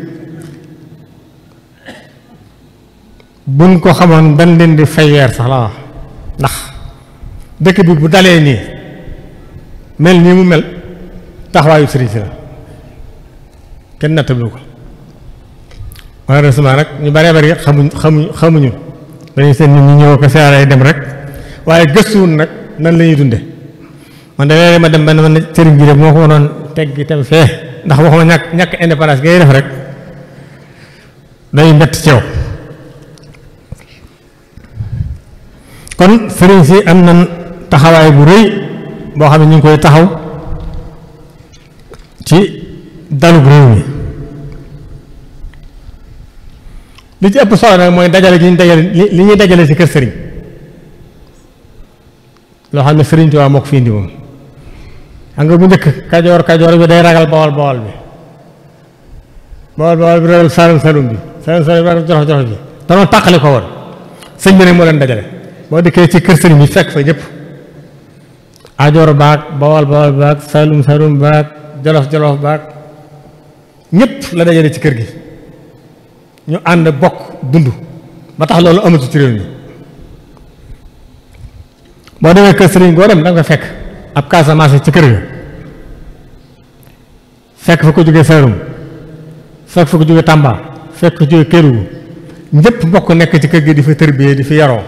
buñ ko xamoon dañ leen di fay weer sax la ndax dëkk bi bu dalee nii mel nii mu mel taxawaayu sëriñ si la kenn nattablu ko malheureusement rek ñu baree bari xamuñ xamuñ xamuñu dañuy seen nit ñi ñëw ko seeraay dem rek waaye gëstuwul nag nan lañuy dunde man de léeg ma dem ba man sëriñ bi de moo ko waroon teg itam fee ndax waxuma ñàkk ñàkk indépendance ngay def rek day mbett ceew kon sëriñ si am na taxawaay bu rëy boo xam ne ñu ngi koy taxaw ci dalub réew mi li ci ëpp solo nag mooy dajale gi ñu li ñuy dajale si kër sëriñ loo xam ne Sëriñ Tuubaa moo ko fi indi xam nga bu njëkk kajoor kajoor bi day ragal bawol bawol bi bawol bawol bi ragal saalum saalum bi saalum saalum bi ragal jolof jolof bi danoo tàqali ko woon sëñ bi ne moo leen dajale dikkee ci kër sëriñ bi fekk fa ñëpp ajoor baag bawol bawol baag saalum saalum baag jolof jolof la dajale ci kër gi ñu ànd bokk dund ba tax loolu amatu ci réew mi boo demee kër sëriñ boo dem nga fekk ab Casamance ci kër ga fekk fa ko jógee fekk fa ko jógee nekk ci kër di fa tërbiyee di fi yaroo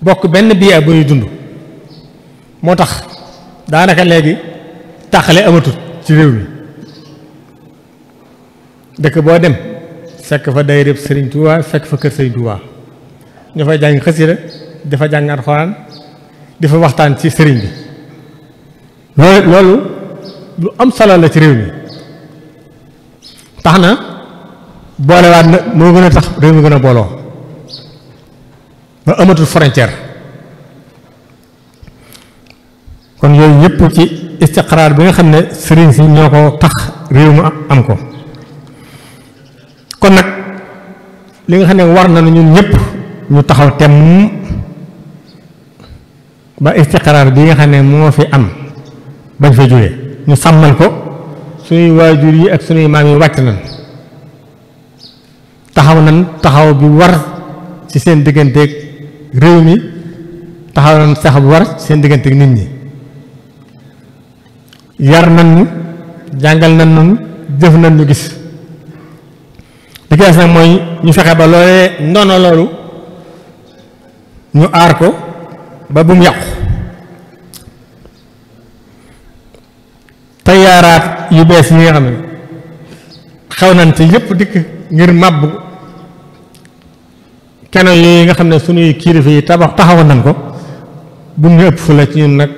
bokk benn biyaa bu ñuy dund moo tax daanaka léegi taxale amatut ci réew mi dëkk boo dem fekk fa day rëbb Sëriñ Tuubaa fekk fa kër Sëriñ Tuubaa ñu fay jàng xasida dafa fa jàng alxuraan waxtaan ci sëriñ bi loolu lu am solo la ci réew mi tax na boolewaat na moo gën a tax réew mi gën a booloo ba amatul frontière kon yooyu yëpp ci istiqraar bi nga xam ne sëriñ si ñoo ko tax réew mi am ko kon nag li nga xam ne war na ñun ñëpp ñu taxaw temm ba istiqraar bi nga xam ne moo fi am bañ fa jógee ñu sàmmal ko suñuy waajur yi ak suñuy maam yi wàcc nañ taxaw nañ taxaw bi war ci seen digganteeg réew mi taxaw nañ sax bu war ci seen digganteeg nit ñi yar nañ jàngal nañ ñu jëf nañ ñu gis li nag mooy ñu fexe ba loolee ndono loolu ñu aar ko ba bu mu yàqu tayaaraat yu bees yi nga xam ne xew nañ ci yëpp dikk ngir màbb keno yi nga xam ne suñuy kilifa yi tabax taxawoon nañ ko bu mu ëpp fu ci ñun nag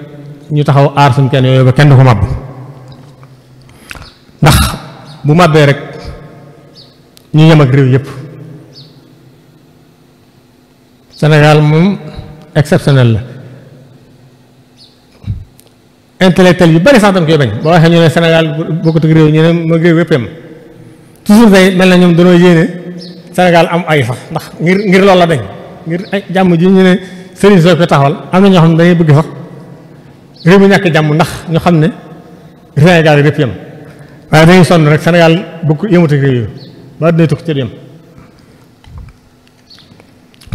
ñu taxaw aar suñ keno yooyu ba kenn du ko màbb ndax bu màbbee rek ñu yem ak réew yëpp Sénégal moom exceptionnel la intellectuel yu bari sax dañ koy bañ boo waxee ñu ne Sénégal bokkut ak réew ñu ne ma réew yëpp yem toujours day mel na ñoom dañoo yéene am ay sax ndax ngir ngir loolu la ngir ay jàmm ji ñu ne sëriñ soo ko taxawal am na ñoo xam ne dañuy bëgg sax réew mi ñàkk jàmm ndax ñu xam ne Sénégal yëpp waaye dañuy sonn rek Sénégal bokk yemut ak réew yi ba dinañ tukki ca yem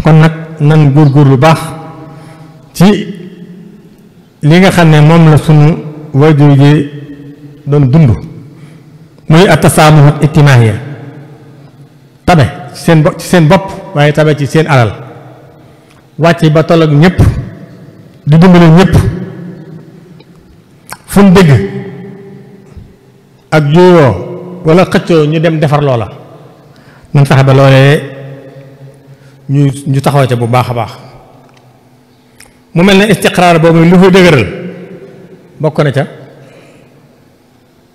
kon nag nan góorgóorlu baax ci li nga xam ne moom la sunu waajur gi doon dund muy atasaamuhut ijtimaahiya tabe ci seen bopp ci seen bopp waaye tabe ci seen alal wàcc ba tolloog ñépp di dimbali ñëpp fum mu dégg ak juuyoo wala xëccoo ñu dem defar loola nan sax loolee ñu ñu taxaw ca bu baax a baax mu mel ne istiqraar boobu lu koy dëgëral bokk na ca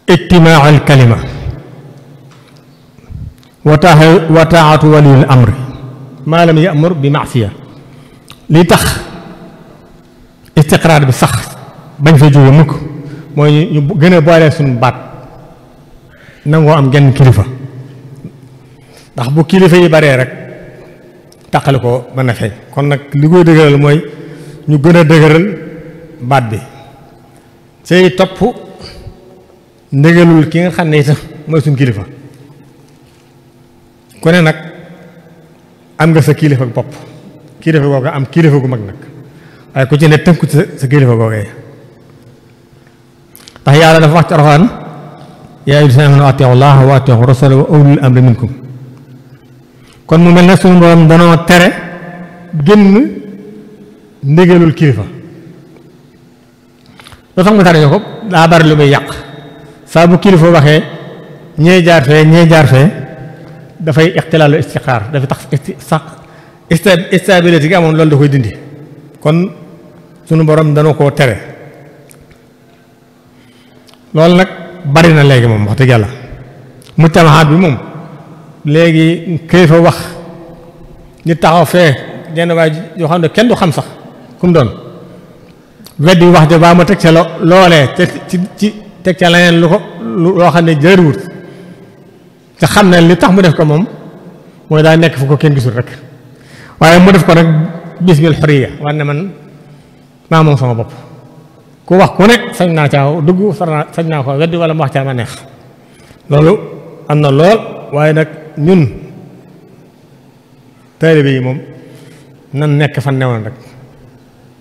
ijtimaa al kalima wa taatu waliyul amri maa lam yamur bi maasiya li tax istiqraar bi sax bañ fa jóge mukk mooy ñu gën a boole suñu baat nangoo am genn kilifa ndax bu kilifa yi baree rek taqali ko mën a feeñ kon nag li koy dëgëral mooy ñu gën a dëgëral baat bi say topp ndégalul ki nga xam ne itam mooy suñ kilifa ku nag am nga sa kilifa bopp kilifa googa am kilifa gu mag nag waaye ku ci ne tënku ci sa kilifa googee tax yàlla dafa wax ci alxuraan yaa ayyuhal ladhiina aamanu atii'u llaaha wa atii'u rasuula minkum kon mu mel ne suñu borom danoo tere génn ndigalul kilifa loo tax mu tànnee ko daa bari lu muy yàq saa bu kilifa waxee ñee jaar fee ñee jaar fee dafay ixtilaalu istiqaar dafay tax sax stabilité gi amoon loolu da koy dindi kon sunu borom dana koo tere loolu nag bari na léegi moom wax dëgg yàlla mujtamahaat bi moom léegi kilifa wax ñu taxaw fee ñenn waay yoo xam ne kenn du xam sax ku mu doon weddi wax ja baa ma teg ca loolee te ci ci teg ca leneen lu ko loo xam ne jëruwut te xam ne li tax mu def ko moom mooy daa nekk fu ko kenn gisul rek waaye mu def ko rek bismil xuriya war ne man maa moom sama bopp ku wax ku ne sañ naa caaw dugg sañ naa ko weddi wala mu wax caa ma neex loolu am na lool waaye nag ñun taalibe yi moom na nekk fan newoon rek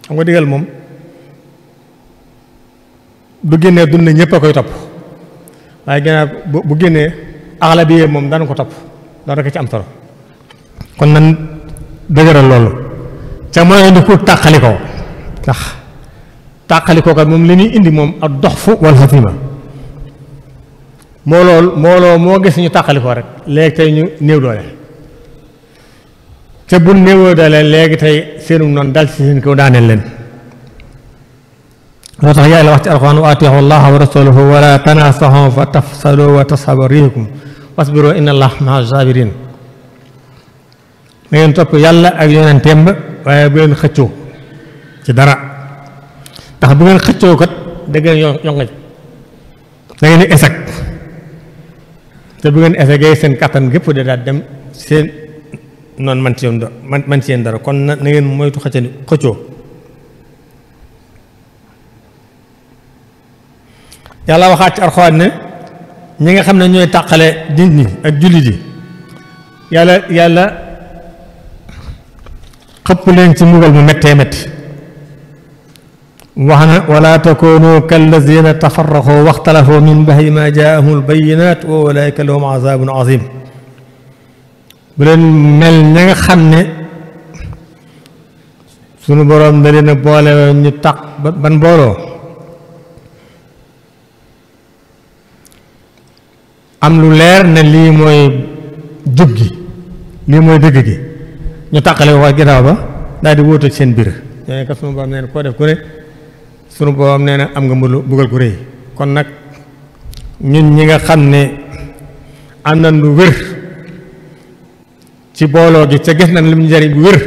xam nga digal moom bu génnee dund ñëpp a koy topp waaye gannaaw bu bu génnee axla bi moom daan ko topp loolu rek ci am solo kon nan dëgëral loolu ca mën a indi ku tàqali ko ndax ko moom li ñuy indi moom ak dox fu wal xasima moo loolu moo loo moo gis ñu tàqalikoo rek léegi tey ñu néew doole te bu néewoo dalee léegi tey seenu noon dal ci seen kaw daaneel leen loo tax yàlla wax ci alxuraan wa atiixu llaha wa rasulahu wa la tanaasaxu fa tafsalu wa tashaba riikum yàlla ak yonenteem ba waaye bu leen xëccoo ci dara ndax bu ngeen xëccoo kat da ngeen yo yonga da ngeen di échec te bu ngeen échecgee seen kattan gépp da daal dem seen noonu man ci yéen dara man man dara kon na ngeen moytu xëccani xëccoo yàlla waxaat ci Alxuraan ne ñi nga xam ne ñooy tàqale nit ñi ak jullit yi yàlla yàlla xëpp leen ci mbugal mu méttee métti wax na wala takunu kallazina tafarraxu waxtalafoo min baxdi ma jaahum albayinat wa olaika lahum azabun azim bu leen mel ña nga xam ne sunu boroom da leen boole ñu tax ban booloo am lu leer ne lii mooy jub gi lii mooy dëgg gi ñu tàqale ko ginnaaw ba daal di ak seen biir ñooñu kat sunu boroom nee na koo def ku ne sunu boroom nee na am nga mbugal bugal ku rëy kon nag ñun ñi nga xam ne am nañ lu wér ci booloo gi ca gis nañ lim njariñ bu wér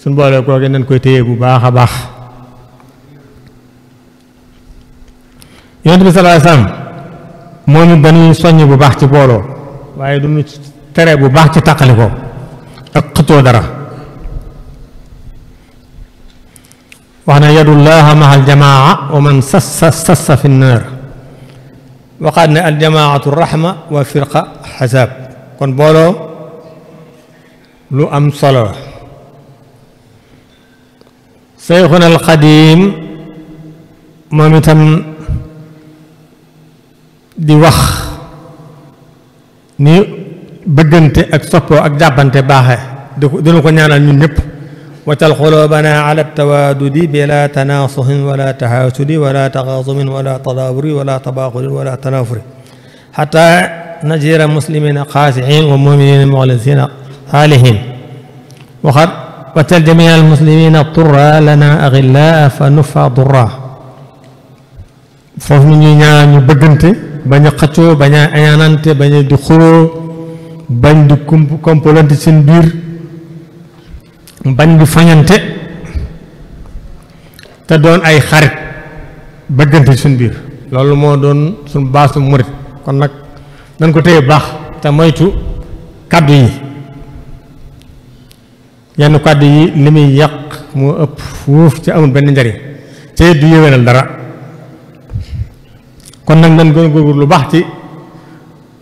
suñ booloo kooge nañ koy téye bu baax a baax yonent bi sallallahu alayhi moo ñu dañuy bu baax ci booloo waaye du ñu tere bu baax ci tàqali ko ak xëccoo dara wax na yadullaha maha aljamaa wa man sassa sassa fi nnaar waxaat ne aljamaatu rahma wa firqa xasaab kon booloo lu am solo seyxuna alxadiim moom itam di wax ni bëggante ak soppoo ak jàppante baaxe dina ko ñaanal ñun ñëpp waccal xuluubana ala tawaadudi bila tanaasuhin wala tahaasudi wala taxaasumin wala tadaaburi wala tabaaxurin wala tanaafuri xata najira muslimina xaasiin wa muminin moxlisina آلهم وقد وتلد من المسلمين الضر لنا أغلاء فنفى ضرا foofu ñu ñuy ñaan ñu bëggante bañ a xëccoo bañ a añaanante bañ a di xuloo bañ di kump kompalante seen biir bañ di fañante te doon ay xarit bëggante suñ biir loolu moo doon suñ baasu murit kon nag nañ ko téye baax te moytu kàddu yi yenn kàddu yi li muy yàq moo ëpp fuuf ci amul benn njariñ te du yéwénal dara kon nag nan gën a lu baax ci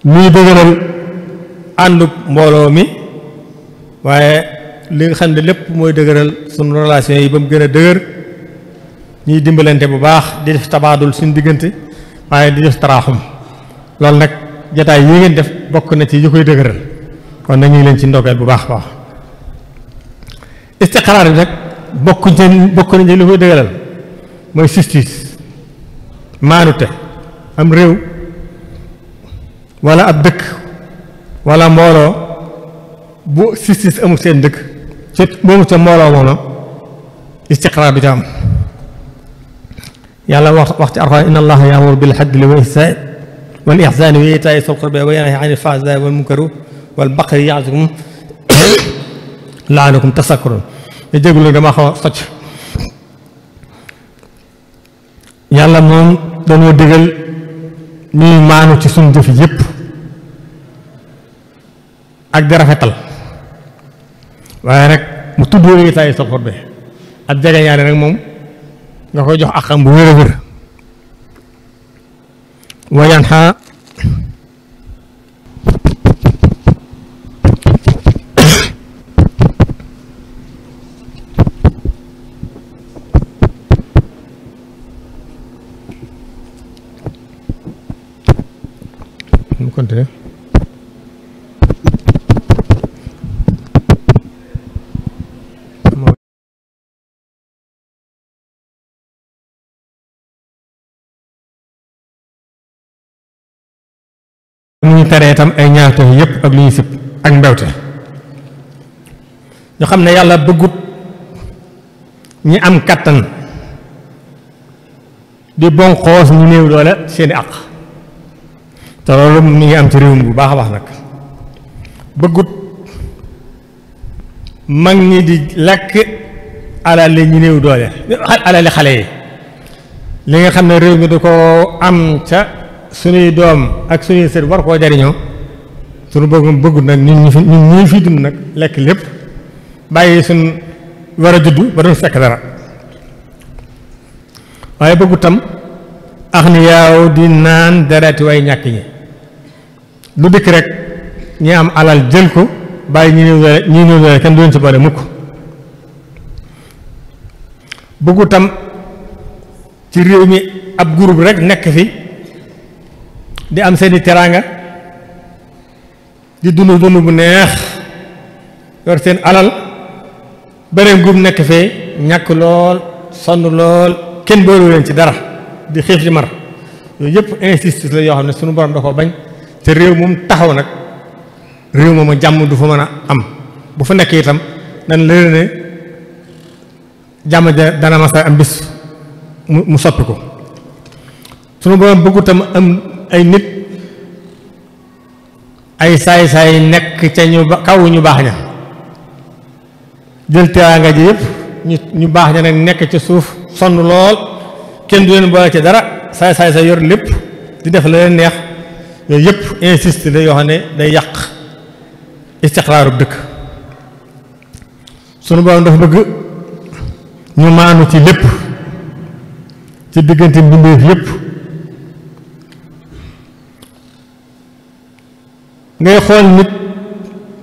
luy dëgëral àndub mbooloo mi waaye li nga xam ne lépp mooy dëgëral suñu relation yi ba mu gën a dëgër ñuy dimbalante bu baax di def tabaadul suñu diggante waaye di def taraaxum loolu nag jataay yi ngeen def bokk na ci yi koy dëgëral kon nag ñu ngi leen ci ndokkeel bu baax baax istixraar bi nag bokk jën bokk nañ lu koy dëgëral mooy justice maanute am réew wala ab dëkk wala mbooloo bu justice amul seen dëkk ci moomu ca mbooloo moom la istixraar bi ca am yàlla wax wax ci arxaan inna allaha yaamuru bil adli wal ihsaani wal ihsaani wa iitaa'i zil qurba wa yanhaa anil fahshaa'i wal munkari wal bagyi ya'izukum laalakum tasakkaroon te jégalu dama xaw a socc yàlla moom dañoo digal ñuy maanu ci suñu jëf yépp ak di rafetal waaye nag mu tudd wér-gu-taayu sa xorbe ak jegeñaale nag moom nga koy jox ak xam bu wér a wér. tere itam ay ñaawteef yépp ak lu ñuy sib ak mbewte ñu xam ne yàlla bëggut ñi am kàttan di bonqoos ñu néew doole seeni àq te loolu mi ngi am ci réew mi bu baax a baax nag bëggut mag ñi di lekk alali ñu néew doole alali xale yi li nga xam ne réew mi da ko am ca suñuy doom ak suñuy sët war koo jariñoo suñu bëgg bëggu nag ñun ñu fi ñun ñii fi dund nag lekk lépp bàyyi suñ war a juddu ba duñ fekk dara waaye bëggu tam ax di naan dereti way ñàkk ñi lu dikk rek ñi am alal jël ko bàyyi ñi néew doole ñi néew kenn du leen ci mukk bëggu ci réew mi ab groupe rek nekk fi di am seeni teraanga di dund dund bu neex yor seen alal bëreem gum nekk fee ñàkk lool sonn lool kenn boolu leen ci dara di xiif di mar yooyu yëpp injustice la yoo xam ne sunu borom da ko bañ te réew moom taxaw nag réew moom jàmm du fa mën a am bu fa nekk itam nan lëre jàmm ja dana masa am bis mu soppi ko sunu borom bëggu am ay nit ay saay-saay nekk ca ñu kaw ñu baax ña jël teraanga ji yëpp ñu ñu baax ña nag nekk ca suuf sonn lool kenn du leen boole ci dara saay-saay sa yor lépp di def la leen neex yooyu yëpp insist la yoo xam ne day yàq istiqraarub dëkk sunu borom dafa bëgg ñu maanu ci lépp ci diggante mbindeef yëpp ngay xool nit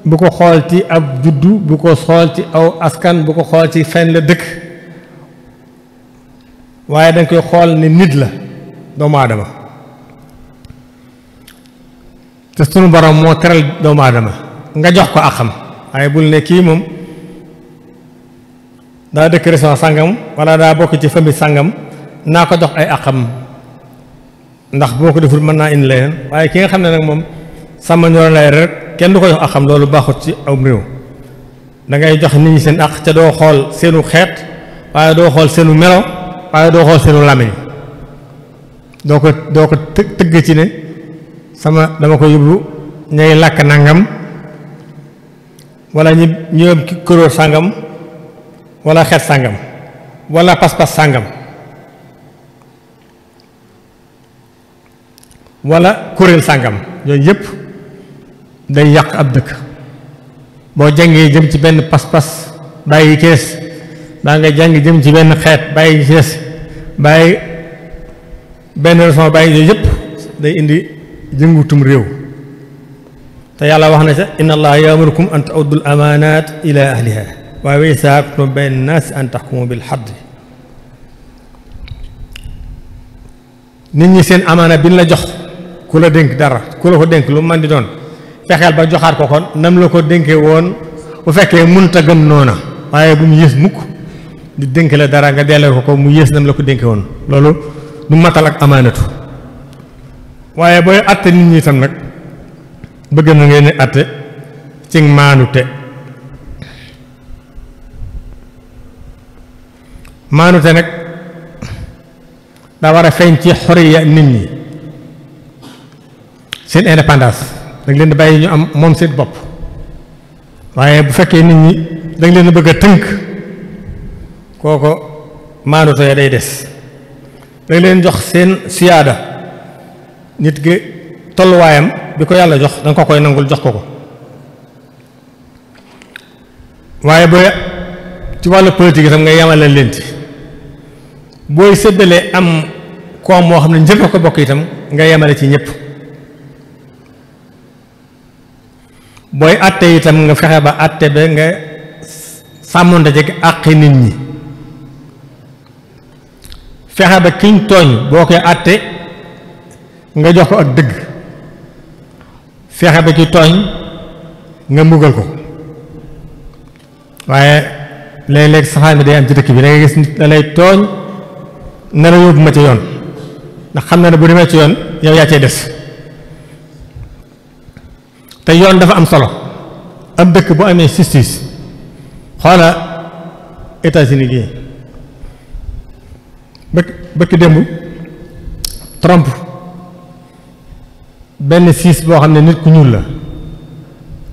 bu ko xool ci ab juddu bu ko xool ci aw askan bu ko xool ci feeñ la dëkk waaye danga koy xool ne nit la doomu aadama te sunu borom moo teral doomu aadama nga jox ko àqam waaye bul ne kii moom daa dëkk région sàngam wala daa bokk ci famille sàngam naa ko jox ay àqam ndax boo ko deful mën naa indi leneen waaye ki nga xam ne nag moom sàmm ñoo lay rek kenn du ko jox axam loolu baaxut ci am réew da ngay jox nit ñi seen ax ca doo xool seenu xeet waaye doo xool seenu melo waaye doo xool seenu làmmiñ doo ko doo ko tëgg ci ne sama dama ko yóbbu ñay làkk nangam wala ñi ñoom ki sàngam walla xeet sàngam walla pas-pas sàngam wala kuréel sàngam yooyu yëpp day yàq ab dëkk boo jàngee jëm ci benn pas-pas bàyyi kees daa nga jàng jëm ci benn xeet bàyyi kees bàyyi benn leçon bàyyi yooyu yëpp day indi jëngutum réew te yàlla wax na ca inna allaha yaamurukum an tu'addul amaanaat ila ahliha waaye wa izaa hakamtum bayna naasi an tahkumu bil adl nit ñi seen amaana bi ñu la jox ku la dénk dara ku la ko dénk lu mu di doon fexeel ba joxaat ko ko nam la ko dénke woon bu fekkee ta gën noona waaye bu mu yées mukk di dénk la dara nga delloo ko ko mu yées nam la ko dénke woon loolu du matal ak amaanatu waaye booy àtte nit ñi itam nag bëgg na ngeen àtte ci maanu te maanu te nag daa war a feeñ ci xoriya nit ñi seen indépendance da leen di bàyyi ñu am moom seen bopp waaye bu fekkee nit ñi da leen bëgg a tënk kooko maanduto ya day des da leen jox seen siyaada nit ki tolluwaayam bi ko yàlla jox da ko koy nangul jox ko ko waaye ba ci wàllu politique itam nga yamale leen ci booy séddalee am koom moo xam ne njëkk ko bokk itam nga yamale ci ñëpp booy àtte itam nga fexe ba àtte ba nga sàmmoon da ci àqi nit ñi fexe ba kiñ tooñ boo koy àtte nga jox ko ak dëgg fexe ba ci tooñ nga mbugal ko waaye léeg-léeg saxaan bi day am ci dëkk bi da gis nit da lay tooñ ne la yóbbu ma ci yoon ndax xam na ne bu demee ci yoon yow yaa cee des te yoon dafa am solo am dëkk bu amee justice xoola États-Unis gi bëkk bëkk démb Trump benn siis boo xam ne nit ku ñuul la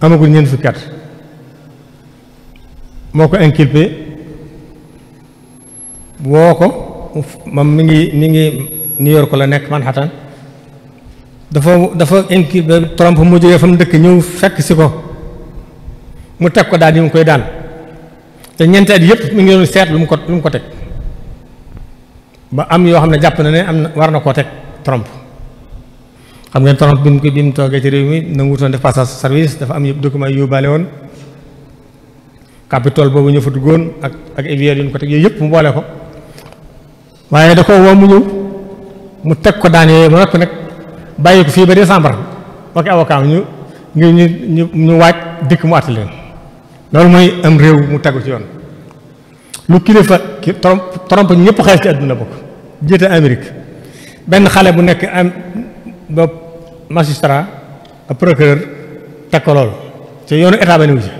amagul ñeent fukki at moo ko inculpé woo ko moom mu ngi mi ngi New York la nekk Manhattan dafa dafa inculpé Trump mu jógee fa mu dëkk ñëw fekk si ko mu teg ko daal di mu koy daan te ñeenti at yëpp mi ngi doon seet lu mu ko lu mu ko teg ba am yoo xam ne jàpp na ne am na war na koo teg tromp xam ngeen Trump bi mu ko bi mu toogee ci réew mi nanguutoon def passage service dafa am yëpp document yu yóbbaale woon Capitole boobu ñu fa duggoon ak ak évier yu ñu ko teg yooyu yëpp mu boole ko waaye da ko ñëw mu teg ko daan yooyu ba noppi bàyyi ko fii ba décembre ok avocat ñu ñu ñu ñu waaj dikk mu àtte leen loolu mooy am réew mu tegu ci yoon lu kilifa ki tromp tromp ñëpp xaalis ci àdduna bokk jiite Amérique benn xale bu nekk am ba magistrat ak procureur teg ko loolu te yoonu état ba niwu ci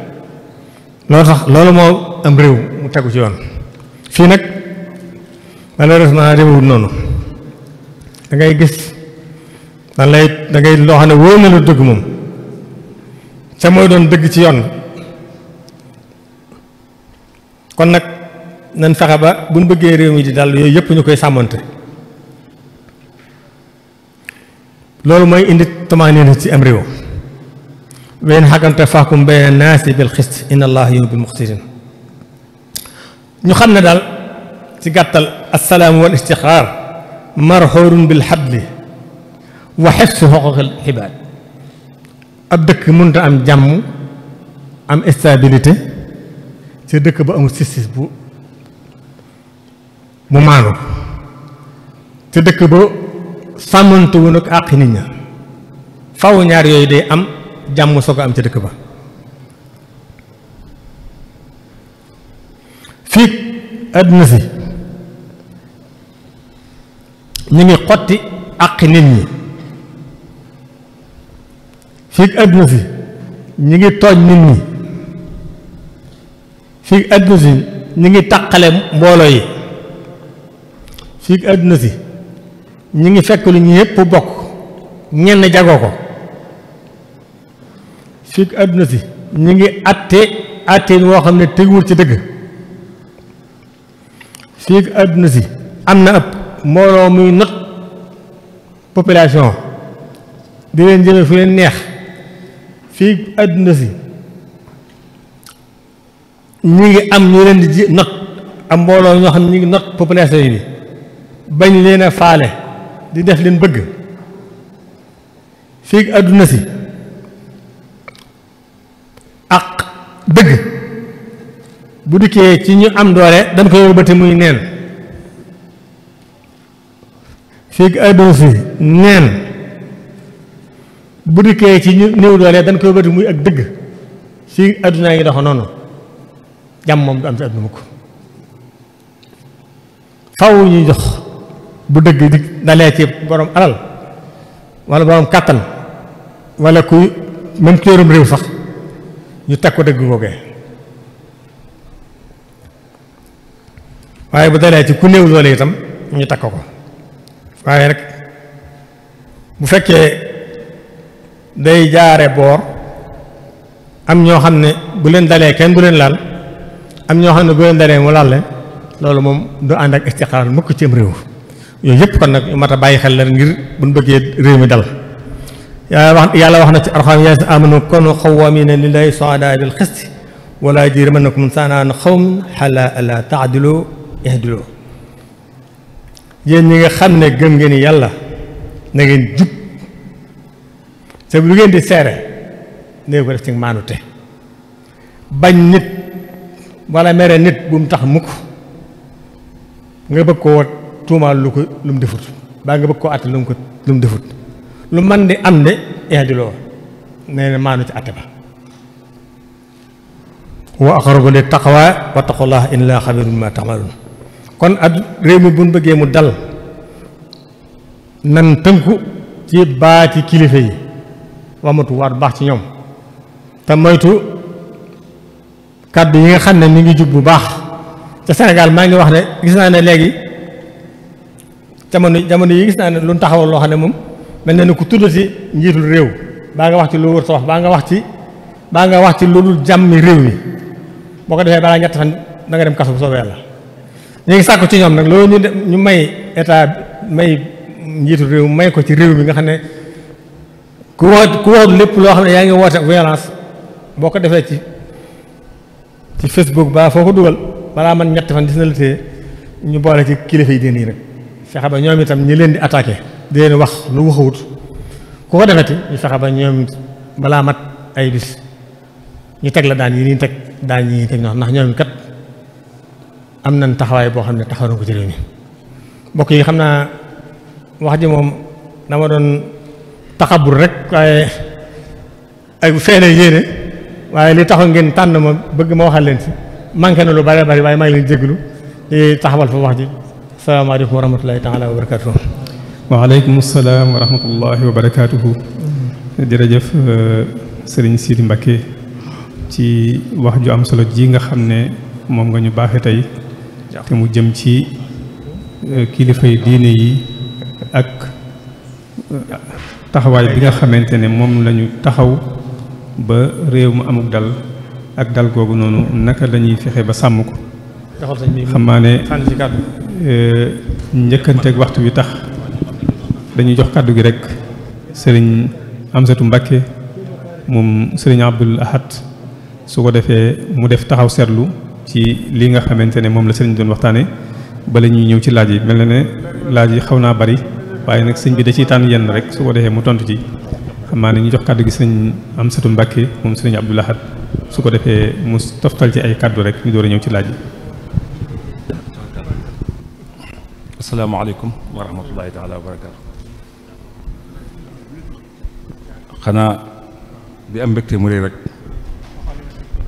loolu tax loolu moo am réew mu tegu ci yoon fii nag malheureusement réewul noonu da gis dan lay loo xam ne wóor na la dëgg moom ca mooy doon dëgg ci yoon kon nag nan fexe ba buñ bëggee réew mi di dal yooyu yëpp ñu koy sàmmoonte loolu mooy indi tumaanina ci am réew weyn xakkante faakum bayna naasi bil xist inna allah yuhibbul muqsitin ñu xam ne daal ci gàttal assalaamu wal istixaar marxuurun bil xabli wa xefs xoqoxil xibaar ab dëkk mënut a am jàmm am stabilité ci dëkk ba amul justice bu bu maanu ci dëkk ba sàmmante woon ak àq nit ña faw ñaar yooyu day am jàmm soo ko am ci dëkk ba fii àddina si ñu ngi xotti àq nit ñi fii àdduna si ñu ngi tooñ nit ñi fii àdduna si ñi ngi taqale mbooloo yi fii àdduna si ñu ngi fekk lu ñu yëpp bokk ñenn jagoo ko fii àdduna si ñi ngi atte atteen woo xam ne teguwul ci dëgg fii àdduna si am na ab mbooloo muy not population di leen jëme fu leen neex fii àdduna si ñu ngi am ñu leen di ji not am mbooloo ñoo xam ne ñu ngi not population yi bañ leen a faale di def leen bëgg fii àdduna si ak dëgg bu dikkee ci ñu am doole dañ ko yóbbati muy neen fii àdduna si neen bu dikkee ci ñu néew doole dañ koy bëti muy ak dëgg si adduna yi dox noonu jàmm moom du am si adduna mukk faw ñu jox bu dëgg di dalee ci borom alal wala borom kàttan wala ku même ku yorum réew sax ñu teg ko dëgg googee waaye bu dalee ci ku néew doole itam ñu teg ko ko waaye rek bu fekkee day jaare boor am ñoo xam ne bu leen dalee kenn du leen laal am ñoo xam ne bu leen dalee mu laal leen loolu moom du ànd ak istiqraar mukk ci am réew yooyu yëpp kon nag yu a bàyyi xel la ngir buñ bëggee réew mi dal yaa wax yàlla wax na ci arxam yaa amanu kunu xawamina lillahi suadaa bil xisti wala jirimannakum sanaan xawm xala ala taadilu ihdiloo yéen ñi nga xam ne gëm ngeen yàlla na ngeen sa lu ngeen di seere ne ko def ci maanute bañ nit wala mere nit bu mu tax mukk nga bëgg koo tuumaal lu ko lu mu defut baa nga bëgg koo àtte lu mu ko lu mu defut lu man di am de eediloo nee na maanu ci àtte ba wa aqrabu li taqwa wa taqullaha in laa xabirun ma tamalun kon at réew mi buñ bëggee mu dal nan tënku ci baati kilifa yi wamatuwaat baax ci ñoom te moytu kàddu yi nga xam ne mi ngi jub bu baax ca Sénégal maa ngi wax ne gis naa ne léegi jamono jamono yi gis naa ne lu taxawal loo xam ne moom mel na ne ku tuddati njiitul réew baa nga wax ci lu wër sa baa nga wax ci baa nga wax ci lu dul jàmmi réew mi boo ko defee balaa ñett fan da nga dem kaso bu soobee la ñu ngi sàkku ci ñoom nag loolu ñu ñu may état may njiitu réew may ko ci réew mi nga xam ne ku wax ku wax lépp loo xam ne yaa ngi woote violence boo ko defee ci ci Facebook ba foo ko dugal balaa man ñett fan gis na la ñu boole ci kilifa yi diine yi rek fexe ba ñoom itam ñi leen di attaqué di leen wax lu waxawut ku ko defeti ñu fexe ba ñoom balaa mat ay bis ñu teg la daan yi nii teg daan yi nii teg ndax ñoom kat am na taxawaay boo xam ne taxaw ko ci réew mi mbokk yi xam naa wax ji moom dama doon. taxabul rek waaye ay feelee yéene waaye li taxaw ngeen tànn ma bëgg ma waxal leen si manqué na lu bari bari waaye maa ngi leen jégalu di taxawal fa wax ji asalaamaaleykum wa rahmatulahi taala wa barakaatu. waaleykum salaam wa rahmatulahi wa barakaatu. jërëjëf euh, sëriñ Sidi Mbacké ci wax ju am solo ji nga xam ne moom nga ñu baax tey te mu jëm ci euh, kilifay diine yi ak. taxawaay bi nga xamante ne moom lañu taxaw ba réew mu amuk dal ak dal googu noonu naka la ñuy fexe ba sàmm ko xam naa ne eh, njëkkanteeg waxtu wi tax dañuy jox kàddu gi rek sëriñ amsetu Mbàkke moom sëriñ Abdul Ahad su ko defee mu def taxaw seetlu ci li nga xamante ne moom la sëriñ doon waxtaane bala ñuy ñëw ci laaj yi mel na ne laaj yi xaw naa bari waaye nag sëñ bi da ciy tànn yenn rek su ko defee mu tontu ci xam naa ñu jox kàddu gi sëñ Amsatu Mbàkke moom sëñ Abdou Lahad su ko defee mu toftal ci ay kàddu rek ñu door a ñëw ci laaj yi. wa rahmatullahi taala wa xanaa di am rek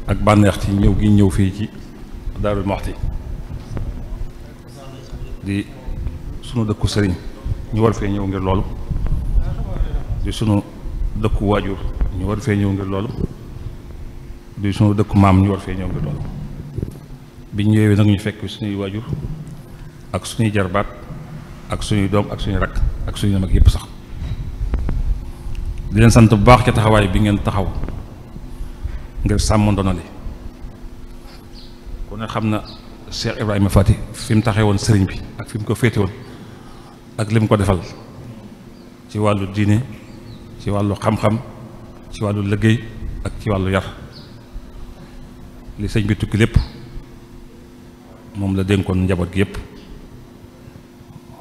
ak bànneex ci ñëw gi ñëw fii ci Daarul Muxti di sunu dëkku sëriñ. ñu war fee ñëw ngir loolu di sunu dëkku waajur ñu war fee ñëw ngir loolu di sunu dëkku maam ñu war fee ñëw ngir loolu biñ ñëwee nag ñu fekk suñuy waajur ak suñuy jarbaat ak suñuy doom ak suñu rakk ak suñu mag yépp sax di leen sant bu baax ca taxawaay bi ngeen taxaw ngir sàmm ndono li ku ne xam na Cheikh Ibrahima Fati fi mu taxee woon sëriñ bi ak fi mu ko féete woon ak lim ko defal ci wàllu diine ci wàllu xam-xam ci wàllu liggéey ak ci wàllu yar li sëñ bi tukki lépp moom la dénkoon njaboot gi yépp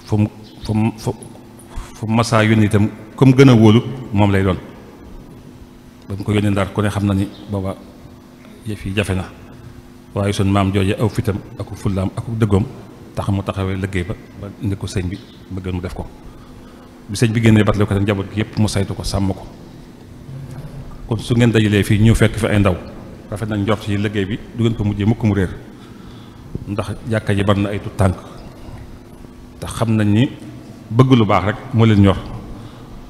fu mu fu fu masaa yónni itam comme gën a wóolu moom lay doon ba mu ko yónnee ndar ku ne xam na ni booba yëf yi jafe na waaye sun maam jooje aw fitam aku fullaam aku dëggoom tax mu taxawee liggéey ba ba indi ko sëñ bi bëggal mu def ko bi sëñ bi génnee batale ko tam njaboot gi yëpp mu saytu ko sàmm ko kon su ngeen dajalee fii ñu fekk fi ay ndaw rafet nañ njort yi liggéey bi du ngeen ko mujjee mukk mu réer ndax jàkka ji bari na ay tut tànk te xam nañ ni bëgg lu baax rek moo leen ñor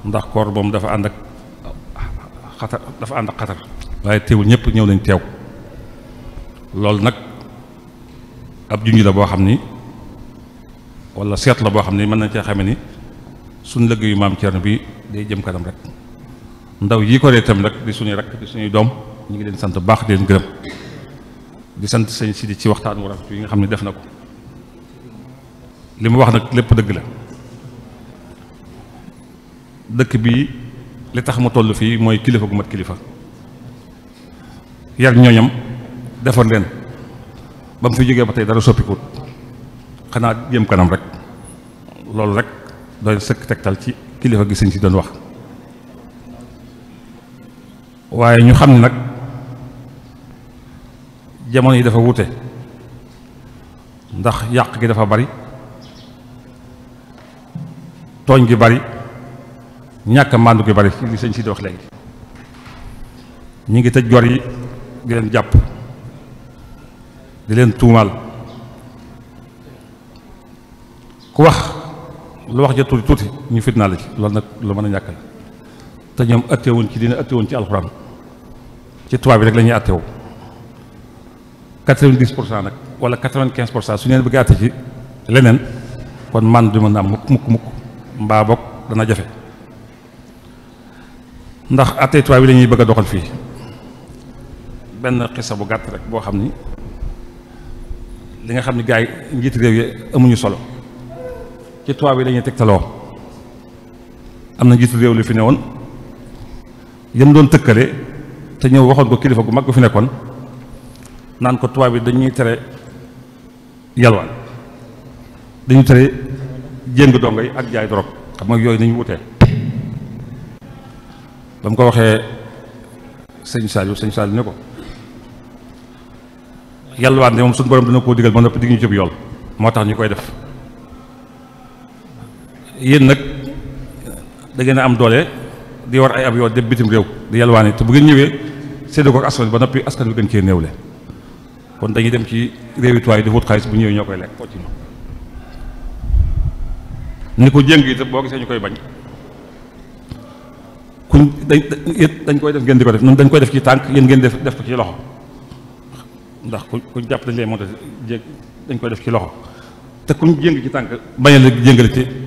ndax koor moom dafa ànd ak xatar dafa ànd ak xatar waaye teewul ñépp ñëw nañ teew loolu nag ab junj la boo xam ni wala seet la boo xam ne mën nañ cee xame ni suñ yu maam Thierno bi day jëm kanam rek ndaw yi ko ree tam rek di suñuy rek di suñuy doom ñu ngi leen sant bu baax leen gërëm di sant sëñ Sidi ci waxtaan wu rafet yi nga xam ne def na ko li mu wax nag lépp dëgg la dëkk bi li tax mu toll fii mooy kilifa gu mat kilifa yar ñooñam defar leen ba mu fi jógee ba tey dara soppikuut xanaa jëm kanam rek loolu rek doy sëkk tegtal ci kilifa gi sëñ si doon wax waaye ñu xam ne nag jamono yi dafa wute ndax yàq gi dafa bari tooñ gi bari ñàkk màndu gi bari ci li sëñ si di wax léegi ñu ngi tëj gor yi di leen jàpp di leen tuumaal ku wax lu wax ja tuuti tuuti ñu fitnaa la ci loolu nag lu mën a ñàkk la te ñoom attewuñ ci dina attewuñ ci alxuraan ci tubaab bi rek lañuy ñuy attewu quatre pour cent nag wala quatre vingt pour cent su neen bëgg atte ci leneen kon man du mën naa mukk mukk mukk mbaa bokk dana jafe ndax atte tubaab bi la ñuy bëgg a doxal fii benn xisa bu gàtt rek boo xam ni li nga xam ni gars yi njiiti réew yi amuñu solo ci tubaab yi dañuy tegtaloo am na njiitu réew li fi ne woon yam doon tëkkale te ñëw waxoon ko kilifa gu mag gu fi nekkoon naan ko tubaab yi dañuy tere yalwaan dañu tere jéng dongo yi ak jaay dorog xam nga yooyu nañu wutee ba mu ko waxee sëñ Saliou sëñ Saliou ne ko yalwaan de moom suñu borom dina koo digal ba noppi dig ñu jëb yool moo tax ñu koy def yéen nag da ngeen am doole di war ay ab yoo dem bitim réew di yalwaane te bu ngeen ñëwee séddoo ko ak askan ba noppi askan bi gën cee néewle kon dañuy dem ci réewi tuwaay di wut xaalis bu ñëwee ñoo koy lekk ni ko jéng itam boo gisee ñu koy bañ kuñ dañ dañ koy def ngeen di ko def noonu dañ koy def ci tànk yéen ngeen def def ci loxo ndax ku kuñ jàpp dañ lay monté dañ koy def ci loxo te kuñ jéng ci tànk bañ a la jéngale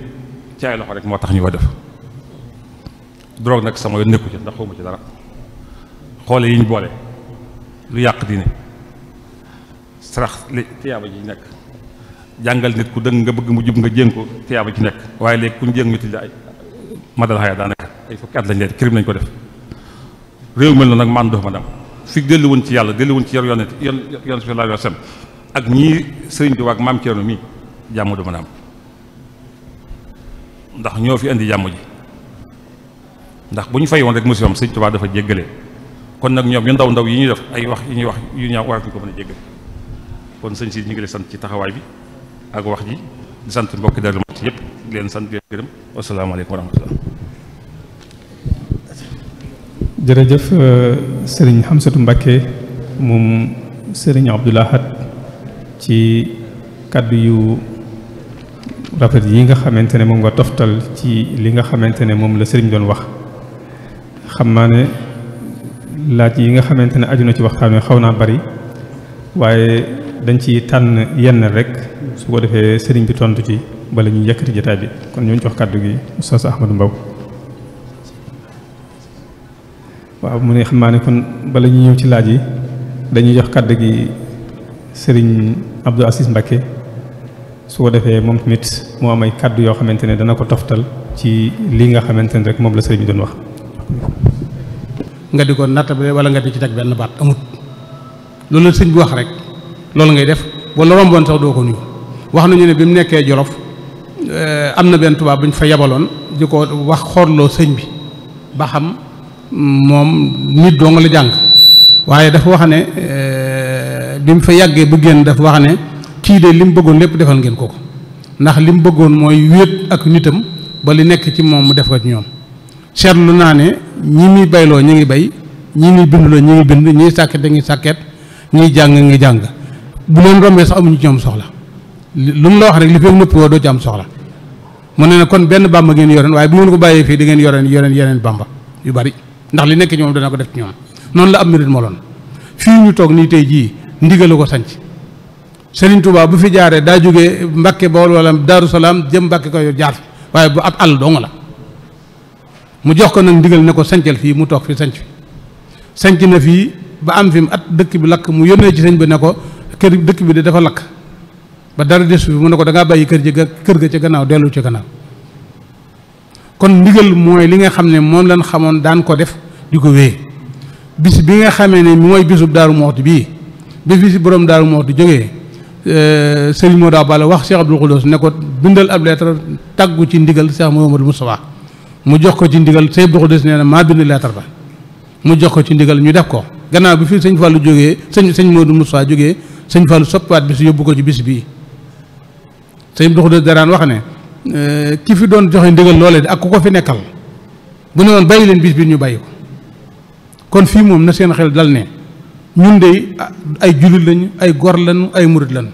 caay ay loxo rek moo tax ñu ko def drogue nag sama yoon nekku ci ndax xawma ci dara xoole yi ñu boole lu yàq diine sarax li tiyaaba ji nekk jàngal nit ku dëng nga bëgg mu jub nga jéng ko tiyaaba ji nekk waaye léegi ku ñu jéng ñu tëj la ay madal xaya daanaka ay fukki at lañ leen crime lañ ko def réew mel noonu nag man dox ma dem fi dellu woon ci yàlla dellu woon ci yor yonent yon yonent bi sallallahu alayhi ak ñii sëriñ bi waag maam Thierno mii jàmm du ma am ndax ñoo fi indi jàmm ji ndax bu ñu fay woon rek musiba am sëñ Tuubaa dafa jéggale kon nag ñoom ñu ndaw ndaw yi ñuy def ay wax yu ñuy wax yu ñaaw a ko mën a jéggale kon sëñ si ñu ngi lay sant ci taxawaay bi ak wax ji di sant mbokki Darou Mouhty yëpp di leen sant di leen gërëm wasalaamaaleykum wa rahmatullah euh, sëriñ Hamsatu Mbakke moom sëriñ Abdoul Ahad ci kàddu yu rafet yi nga xamante ne moom nga toftal ci li nga xamante ne moom la sëriñ doon wax xam naa ne laaj yi nga xamante ne aju na ci waxtaan wi xaw naa bari waaye dañ ci tànn yenn rek su ko defee sëriñ bi tontu ci bala ñuy yëkkati jotaay bi kon ñu jox kàddu gi oustaz Ahmadou Mbaw waaw mu ne xam naa ne kon bala ñu ñëw ci laaj yi dañuy jox kàddu gi sëriñ Abdou Assis Mbacké su ko defee moom tamit moo am ay kàddu yoo xamante ne dana ko toftal ci lii nga xamante ne rek moom la sëriñ bi doon wax. nga di ko bi wala nga di ci teg benn baat amut loolu la sëñ bu wax rek loolu ngay def wala romboon sax doo ko nuyu wax nañu ne bi mu nekkee Jolof eh, am na benn tubaab bu ñu fa yabaloon di ko wax xooloo sëñ bi ba xam moom nit doo nga la jàng waaye dafa wax ne eh, bi mu fa yàggee bu génn dafa wax ne. kii de li mu bëggoon lépp defal ngeen ko ko ndax li mu bëggoon mooy wéet ak nitam ba li nekk ci moom mu def ko ci ñoom seetlu naa ne ñi muy bayloo ñi ngi bay ñi muy binduloo ñi ngi bind ñi sàkket ngi sàkket ñi jàng ngi jàng bu leen rombee sax amuñu ci ñoom soxla lu mu la wax rek li fekk nëpp woo am soxla mu ne kon benn bàmba ngeen yoreen waaye bu ngeen ko bàyyee fii da ngeen yoreen yoreen yeneen bàmba yu bari ndax li nekk ñoom dana ko def ñoom noonu la am murit moloon fii ñu toog nii tey jii ndigal la ko sanc Serigne Touba bu fi jaaree daa jógee Mbacke Bawol wala Daaru Salaam jëm Mbacke Kajoor jaar fi waaye bu ab àll dong la mu jox ko nag ndigal ne ko sañcal fii mu toog fi sanc fi na fii ba am fim at dëkk bi lakk mu yónnee ci sëñ bi ne ko kër dëkk bi de dafa lakk ba dara des fi mu ne ko da ngaa bàyyi kër ji kër ga ca gannaaw dellu ca gannaaw kon ndigal mooy li nga xam ne moom lañ xamoon daan ko def di ko wéy bis bi nga xamee ne mooy bisub Daaru Muxti bii ba fi si borom Daaru Muxti jógee Euh, Sëriñ Moda Balla wax Cheikh Abdou Khoudoss ne ko bindal ab lettre tàggu ci ndigal Cheikh Mouhamadou Moustapha mu jox ko ci ndigal Cheikh Abdou Khoudoss nee na maa bind lettre ba mu jox ko ci ndigal ñu def ko gannaaw bi fii sëñ Fallou jógee sëñ sëñ Modou Moustapha jógee sëñ Fallou soppiwaat bis yóbbu ko ci bis bii sëñ Abdou Khoudoss daraan wax ne euh, ki fi doon joxe ndigal loolee ak ku ko fi nekkal bu ne woon bàyyi leen bis bi ñu bàyyi ko kon fii moom na seen xel dal ne ñun de ay jullit lañu ay gor lañu ay murit lañu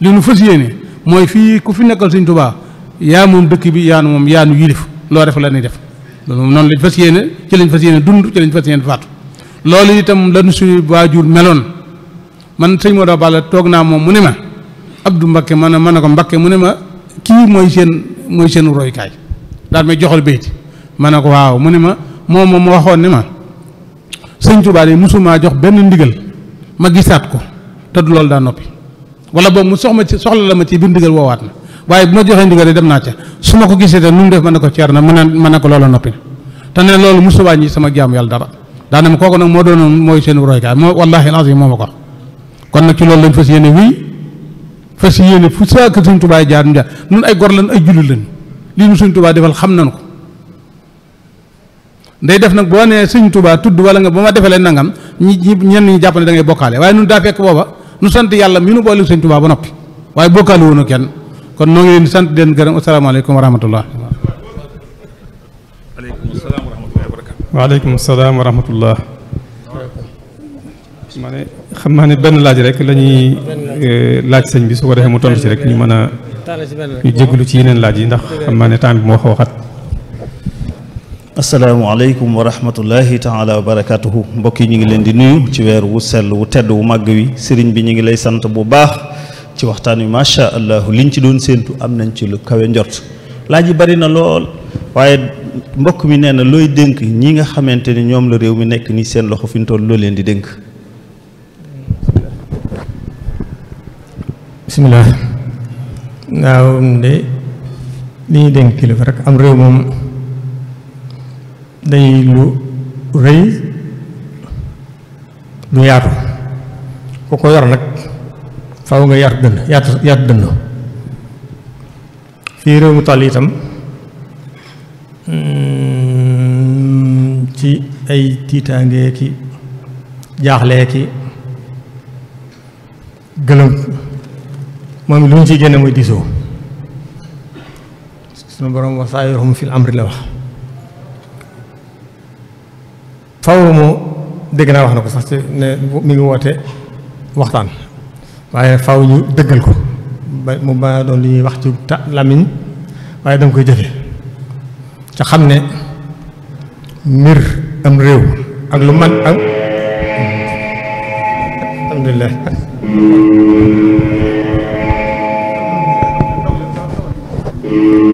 li nu fas yéene mooy fii ku fi nekkal Sëñ Tuubaa yaa moom dëkk bi yaa moom yaa nu yilif loo def la ñuy def loolu moom noonu lañ fas yéene ci lañ fas yéene dund ci lañ fas yéene faatu loolu itam lañu suñu waajur meloon man sëñ Modou Balla toog naa moom mu ne ma du Mbakke man ne man ne ko Mbakke mu ne ma kii mooy seen mooy seen roykaay daal may joxal béykat ma ne ko waaw mu ne ma moom moom waxoon ne ma. sëñ Tuubaa de musumaa jox benn ndigal ma gisaat ko te du loolu daa noppi wala boobu mu soxma ci soxla la ma ci biir ndigal woowaat na waaye bu ma joxee ndigal de dem naa ca su ma ko gisee te nu mu def mën na ko ceer na mën na mën ko loola noppi te ne loolu musu wàññi sama jaam yàlla dara daana kooku nag moo doonoon mooy seen roykaay moo wallaahi moo ma ko kon nag ci loolu lañ fas yéene wii fas yéene fu saaka sëñ Tuubaa jaar jaar nun ay gor lan ay jullit lan lii nu sëñ Tuubaa defal xam nañu ko day def nag boo nee sëñ Tuubaa tudd wala nga ba ma defalee nangam ñi ñi ñenn ñi jàpp ne da booba nu sant yàlla mi nu boole sëñ Tuubaa ba noppi waaye bokkaale woonu kenn kon noo ngi sant di leen gërëm asalaamaaleykum wa rahmatullah waaleykum salaam wa xam naa ne benn laaj rek la eh, laaj sëñ bi su ko defee mu tontu ci rek ñu mën a ñu jégalu ci yeneen laaj yi ndax xam naa ne temps bi moo xaw asalaamaaleykum wa rahmatullahi taala wa barakaatuhu mbokk yi ñu ngi leen di nuyu ci weer wu sell wu tedd wu màgg wi sëriñ bi ñu ngi lay sant bu baax ci waxtaan wi macha allah liñ ci doon séentu am nañ ci lu kawe njort laaj yi bari na lool waaye mbokk mi nee na looy dénk ñi nga xamante ni ñoom la réew mi nekk nii seen loxo fi mu toll loo leen di dénk. bisimilah. waaw de li ñuy dénk kilifa rek am réew moom. day lu rëy lu yaatu ku ko yor nag faw nga yaatu dënn yaatu yaatu dënn fii réew mu toll itam mm, ci ay tiitaangee ki jaaxlee ki gëlëm moom lu ñu ciy génne mooy diisoo sunu borom wa saayirhum fil amri la wax faw mu dégg naa wax na ko sax ci ne mi ngi woote waxtaan waaye faw ñu dëggal ko ba mu ba doon li ñuy wax ci ta làmmiñ waaye danga koy jëfe ca xam ne mbir am réew ak lu man ak alhamdulilah